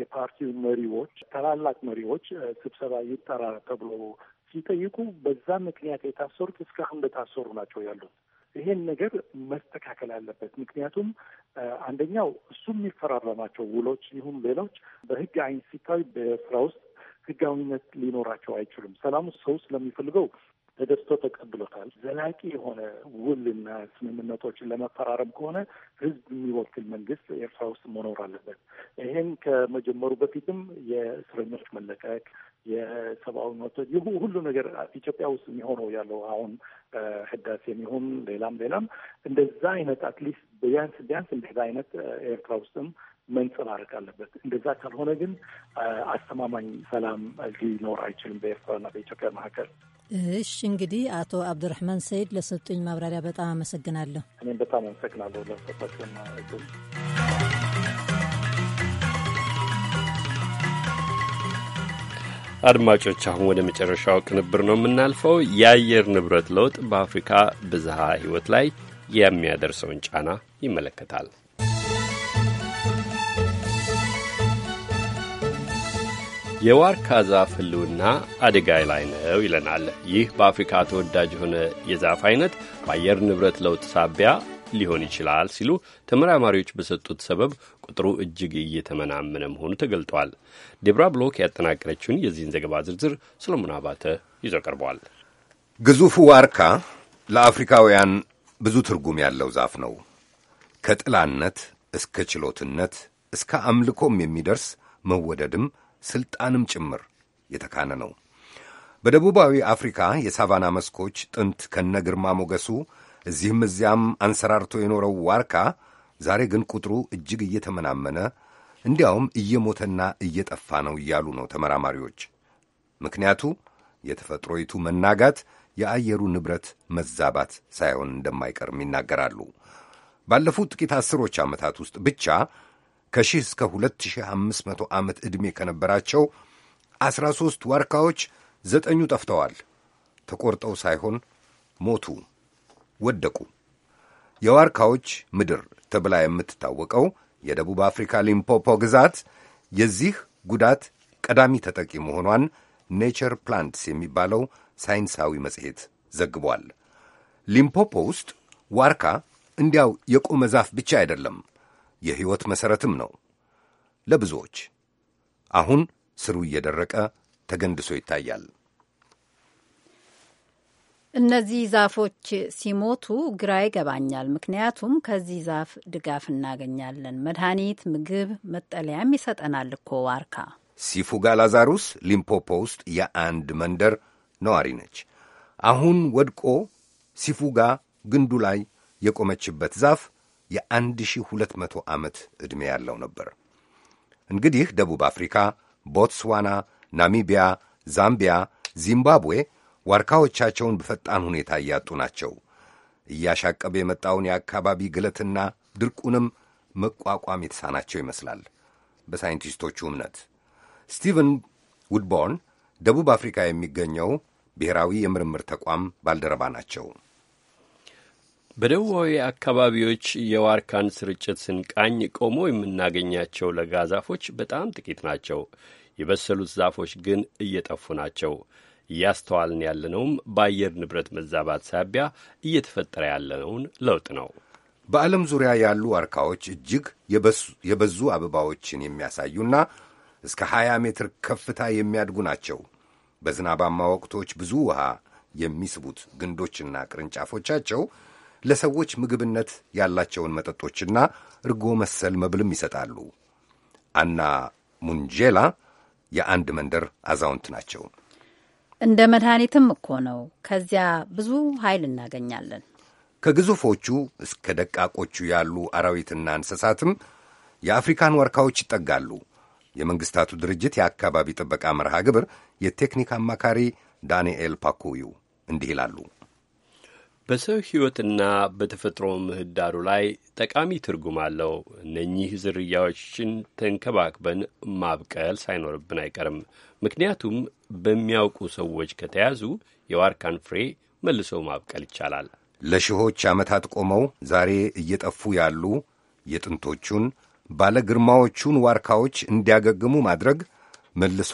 የፓርቲው መሪዎች ታላላቅ መሪዎች ስብሰባ ይጠራ ተብሎ ሲጠይቁ በዛ ምክንያት የታሰሩት እስካሁን እንደታሰሩ ናቸው ያሉት። ይሄን ነገር መስተካከል አለበት። ምክንያቱም አንደኛው እሱ የሚፈራረማቸው ውሎች ይሁን ሌሎች በህግ አይን ሲታይ በስራ ውስጥ ህጋዊነት ሊኖራቸው አይችሉም። ሰላሙ ሰው ስለሚፈልገው ተደስቶ ተቀብሎታል። ዘላቂ የሆነ ውልና ስምምነቶችን ለመፈራረም ከሆነ ህዝብ የሚወክል መንግስት ኤርትራ ውስጥ መኖር አለበት። ይሄን ከመጀመሩ በፊትም የእስረኞች መለቀቅ፣ የሰብአዊ መብቶች ይሁ ሁሉ ነገር ኢትዮጵያ ውስጥ የሚሆነው ያለው አሁን ህዳሴ የሚሆን ሌላም ሌላም እንደዛ አይነት አትሊስት ቢያንስ ቢያንስ እንደዛ አይነት ኤርትራ ውስጥም መንጸባረቅ አለበት። እንደዛ ካልሆነ ግን አስተማማኝ ሰላም ሊኖር አይችልም በኤርትራና በኢትዮጵያ መካከል። እሺ እንግዲህ አቶ አብዱራህማን ሰይድ ለሰጡኝ ማብራሪያ በጣም አመሰግናለሁ። እኔም በጣም አመሰግናለሁ ለሰጣችሁ አድማጮች አሁን ወደ መጨረሻው ቅንብር ነው የምናልፈው። የአየር ንብረት ለውጥ በአፍሪካ ብዝሃ ሕይወት ላይ የሚያደርሰውን ጫና ይመለከታል። የዋርካ ዛፍ ህልውና አደጋ ላይ ነው ይለናል። ይህ በአፍሪካ ተወዳጅ የሆነ የዛፍ አይነት በአየር ንብረት ለውጥ ሳቢያ ሊሆን ይችላል ሲሉ ተመራማሪዎች በሰጡት ሰበብ ቁጥሩ እጅግ እየተመናመነ መሆኑ ተገልጧል። ዴብራ ብሎክ ያጠናቀረችውን የዚህን ዘገባ ዝርዝር ሰሎሞን አባተ ይዞ ቀርበዋል። ግዙፉ ዋርካ ለአፍሪካውያን ብዙ ትርጉም ያለው ዛፍ ነው። ከጥላነት እስከ ችሎትነት እስከ አምልኮም የሚደርስ መወደድም ስልጣንም ጭምር የተካነ ነው። በደቡባዊ አፍሪካ የሳቫና መስኮች ጥንት ከነ ግርማ ሞገሱ እዚህም እዚያም አንሰራርቶ የኖረው ዋርካ ዛሬ ግን ቁጥሩ እጅግ እየተመናመነ እንዲያውም እየሞተና እየጠፋ ነው እያሉ ነው ተመራማሪዎች። ምክንያቱ የተፈጥሮይቱ መናጋት የአየሩ ንብረት መዛባት ሳይሆን እንደማይቀርም ይናገራሉ። ባለፉት ጥቂት አስሮች ዓመታት ውስጥ ብቻ ከሺህ እስከ 2500 ዓመት ዕድሜ ከነበራቸው 13 ዋርካዎች ዘጠኙ ጠፍተዋል። ተቆርጠው ሳይሆን ሞቱ፣ ወደቁ። የዋርካዎች ምድር ተብላ የምትታወቀው የደቡብ አፍሪካ ሊምፖፖ ግዛት የዚህ ጉዳት ቀዳሚ ተጠቂ መሆኗን ኔቸር ፕላንትስ የሚባለው ሳይንሳዊ መጽሔት ዘግቧል። ሊምፖፖ ውስጥ ዋርካ እንዲያው የቆመ ዛፍ ብቻ አይደለም። የሕይወት መሠረትም ነው ለብዙዎች። አሁን ስሩ እየደረቀ ተገንድሶ ይታያል። እነዚህ ዛፎች ሲሞቱ ግራ ይገባኛል። ምክንያቱም ከዚህ ዛፍ ድጋፍ እናገኛለን፣ መድኃኒት፣ ምግብ፣ መጠለያም ይሰጠናል እኮ ዋርካ። ሲፉጋ ላዛሩስ ሊምፖፖ ውስጥ የአንድ መንደር ነዋሪ ነች። አሁን ወድቆ ሲፉጋ ግንዱ ላይ የቆመችበት ዛፍ የ1200 ዓመት ዕድሜ ያለው ነበር። እንግዲህ ደቡብ አፍሪካ፣ ቦትስዋና፣ ናሚቢያ፣ ዛምቢያ፣ ዚምባብዌ ዋርካዎቻቸውን በፈጣን ሁኔታ እያጡ ናቸው። እያሻቀበ የመጣውን የአካባቢ ግለትና ድርቁንም መቋቋም የተሳናቸው ይመስላል በሳይንቲስቶቹ እምነት። ስቲቨን ውድቦርን ደቡብ አፍሪካ የሚገኘው ብሔራዊ የምርምር ተቋም ባልደረባ ናቸው። በደቡባዊ አካባቢዎች የዋርካን ስርጭት ስንቃኝ ቆሞ የምናገኛቸው ለጋ ዛፎች በጣም ጥቂት ናቸው። የበሰሉት ዛፎች ግን እየጠፉ ናቸው። እያስተዋልን ያለነውም በአየር ንብረት መዛባት ሳቢያ እየተፈጠረ ያለነውን ለውጥ ነው። በዓለም ዙሪያ ያሉ ዋርካዎች እጅግ የበዙ አበባዎችን የሚያሳዩና እስከ 20 ሜትር ከፍታ የሚያድጉ ናቸው። በዝናባማ ወቅቶች ብዙ ውሃ የሚስቡት ግንዶችና ቅርንጫፎቻቸው ለሰዎች ምግብነት ያላቸውን መጠጦችና እርጎ መሰል መብልም ይሰጣሉ። አና ሙንጄላ የአንድ መንደር አዛውንት ናቸው። እንደ መድኃኒትም እኮ ነው። ከዚያ ብዙ ኃይል እናገኛለን። ከግዙፎቹ እስከ ደቃቆቹ ያሉ አራዊትና እንስሳትም የአፍሪካን ዋርካዎች ይጠጋሉ። የመንግሥታቱ ድርጅት የአካባቢ ጥበቃ መርሃ ግብር የቴክኒክ አማካሪ ዳንኤል ፓኩዩ እንዲህ ይላሉ። በሰው ሕይወትና በተፈጥሮ ምህዳሩ ላይ ጠቃሚ ትርጉም አለው። እነኚህ ዝርያዎችን ተንከባክበን ማብቀል ሳይኖርብን አይቀርም። ምክንያቱም በሚያውቁ ሰዎች ከተያዙ የዋርካን ፍሬ መልሶ ማብቀል ይቻላል። ለሺዎች ዓመታት ቆመው ዛሬ እየጠፉ ያሉ የጥንቶቹን ባለ ግርማዎቹን ዋርካዎች እንዲያገግሙ ማድረግ መልሶ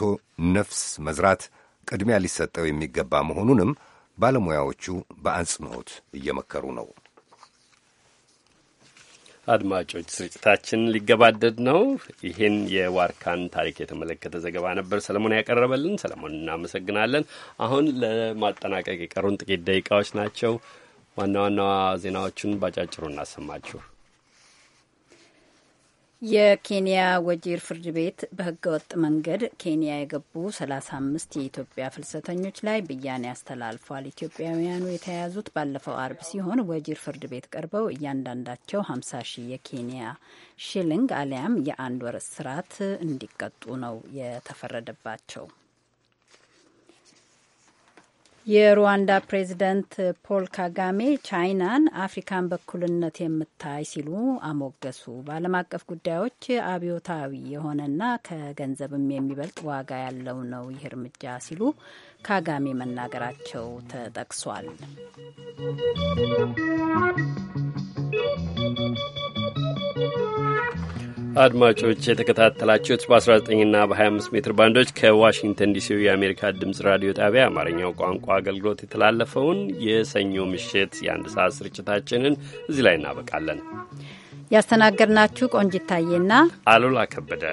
ነፍስ መዝራት ቅድሚያ ሊሰጠው የሚገባ መሆኑንም ባለሙያዎቹ በአጽንኦት እየመከሩ ነው። አድማጮች ስርጭታችን ሊገባደድ ነው። ይህን የዋርካን ታሪክ የተመለከተ ዘገባ ነበር ሰለሞን ያቀረበልን። ሰለሞን እናመሰግናለን። አሁን ለማጠናቀቅ የቀሩን ጥቂት ደቂቃዎች ናቸው። ዋና ዋና ዜናዎቹን ባጫጭሩ እናሰማችሁ። የኬንያ ወጂር ፍርድ ቤት በህገወጥ መንገድ ኬንያ የገቡ 35 የኢትዮጵያ ፍልሰተኞች ላይ ብያኔ አስተላልፏል። ኢትዮጵያውያኑ የተያያዙት ባለፈው አርብ ሲሆን ወጂር ፍርድ ቤት ቀርበው እያንዳንዳቸው 50 ሺህ የኬንያ ሺሊንግ አሊያም የአንድ ወር እስራት እንዲቀጡ ነው የተፈረደባቸው። የሩዋንዳ ፕሬዚደንት ፖል ካጋሜ ቻይናን አፍሪካን በኩልነት የምታይ ሲሉ አሞገሱ። በዓለም አቀፍ ጉዳዮች አብዮታዊ የሆነና ከገንዘብም የሚበልጥ ዋጋ ያለው ነው ይህ እርምጃ ሲሉ ካጋሜ መናገራቸው ተጠቅሷል። አድማጮች የተከታተላችሁት በ19ና በ25 ሜትር ባንዶች ከዋሽንግተን ዲሲ የአሜሪካ ድምፅ ራዲዮ ጣቢያ አማርኛው ቋንቋ አገልግሎት የተላለፈውን የሰኞ ምሽት የአንድ ሰዓት ስርጭታችንን እዚህ ላይ እናበቃለን። ያስተናገድናችሁ ቆንጅ ታዬና አሉላ ከበደ፣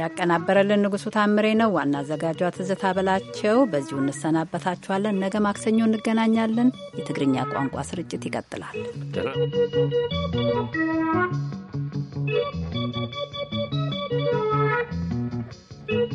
ያቀናበረልን ንጉሱ ታምሬ ነው። ዋና አዘጋጇ ትዝታ በላቸው። በዚሁ እንሰናበታችኋለን። ነገ ማክሰኞ እንገናኛለን። የትግርኛ ቋንቋ ስርጭት ይቀጥላል።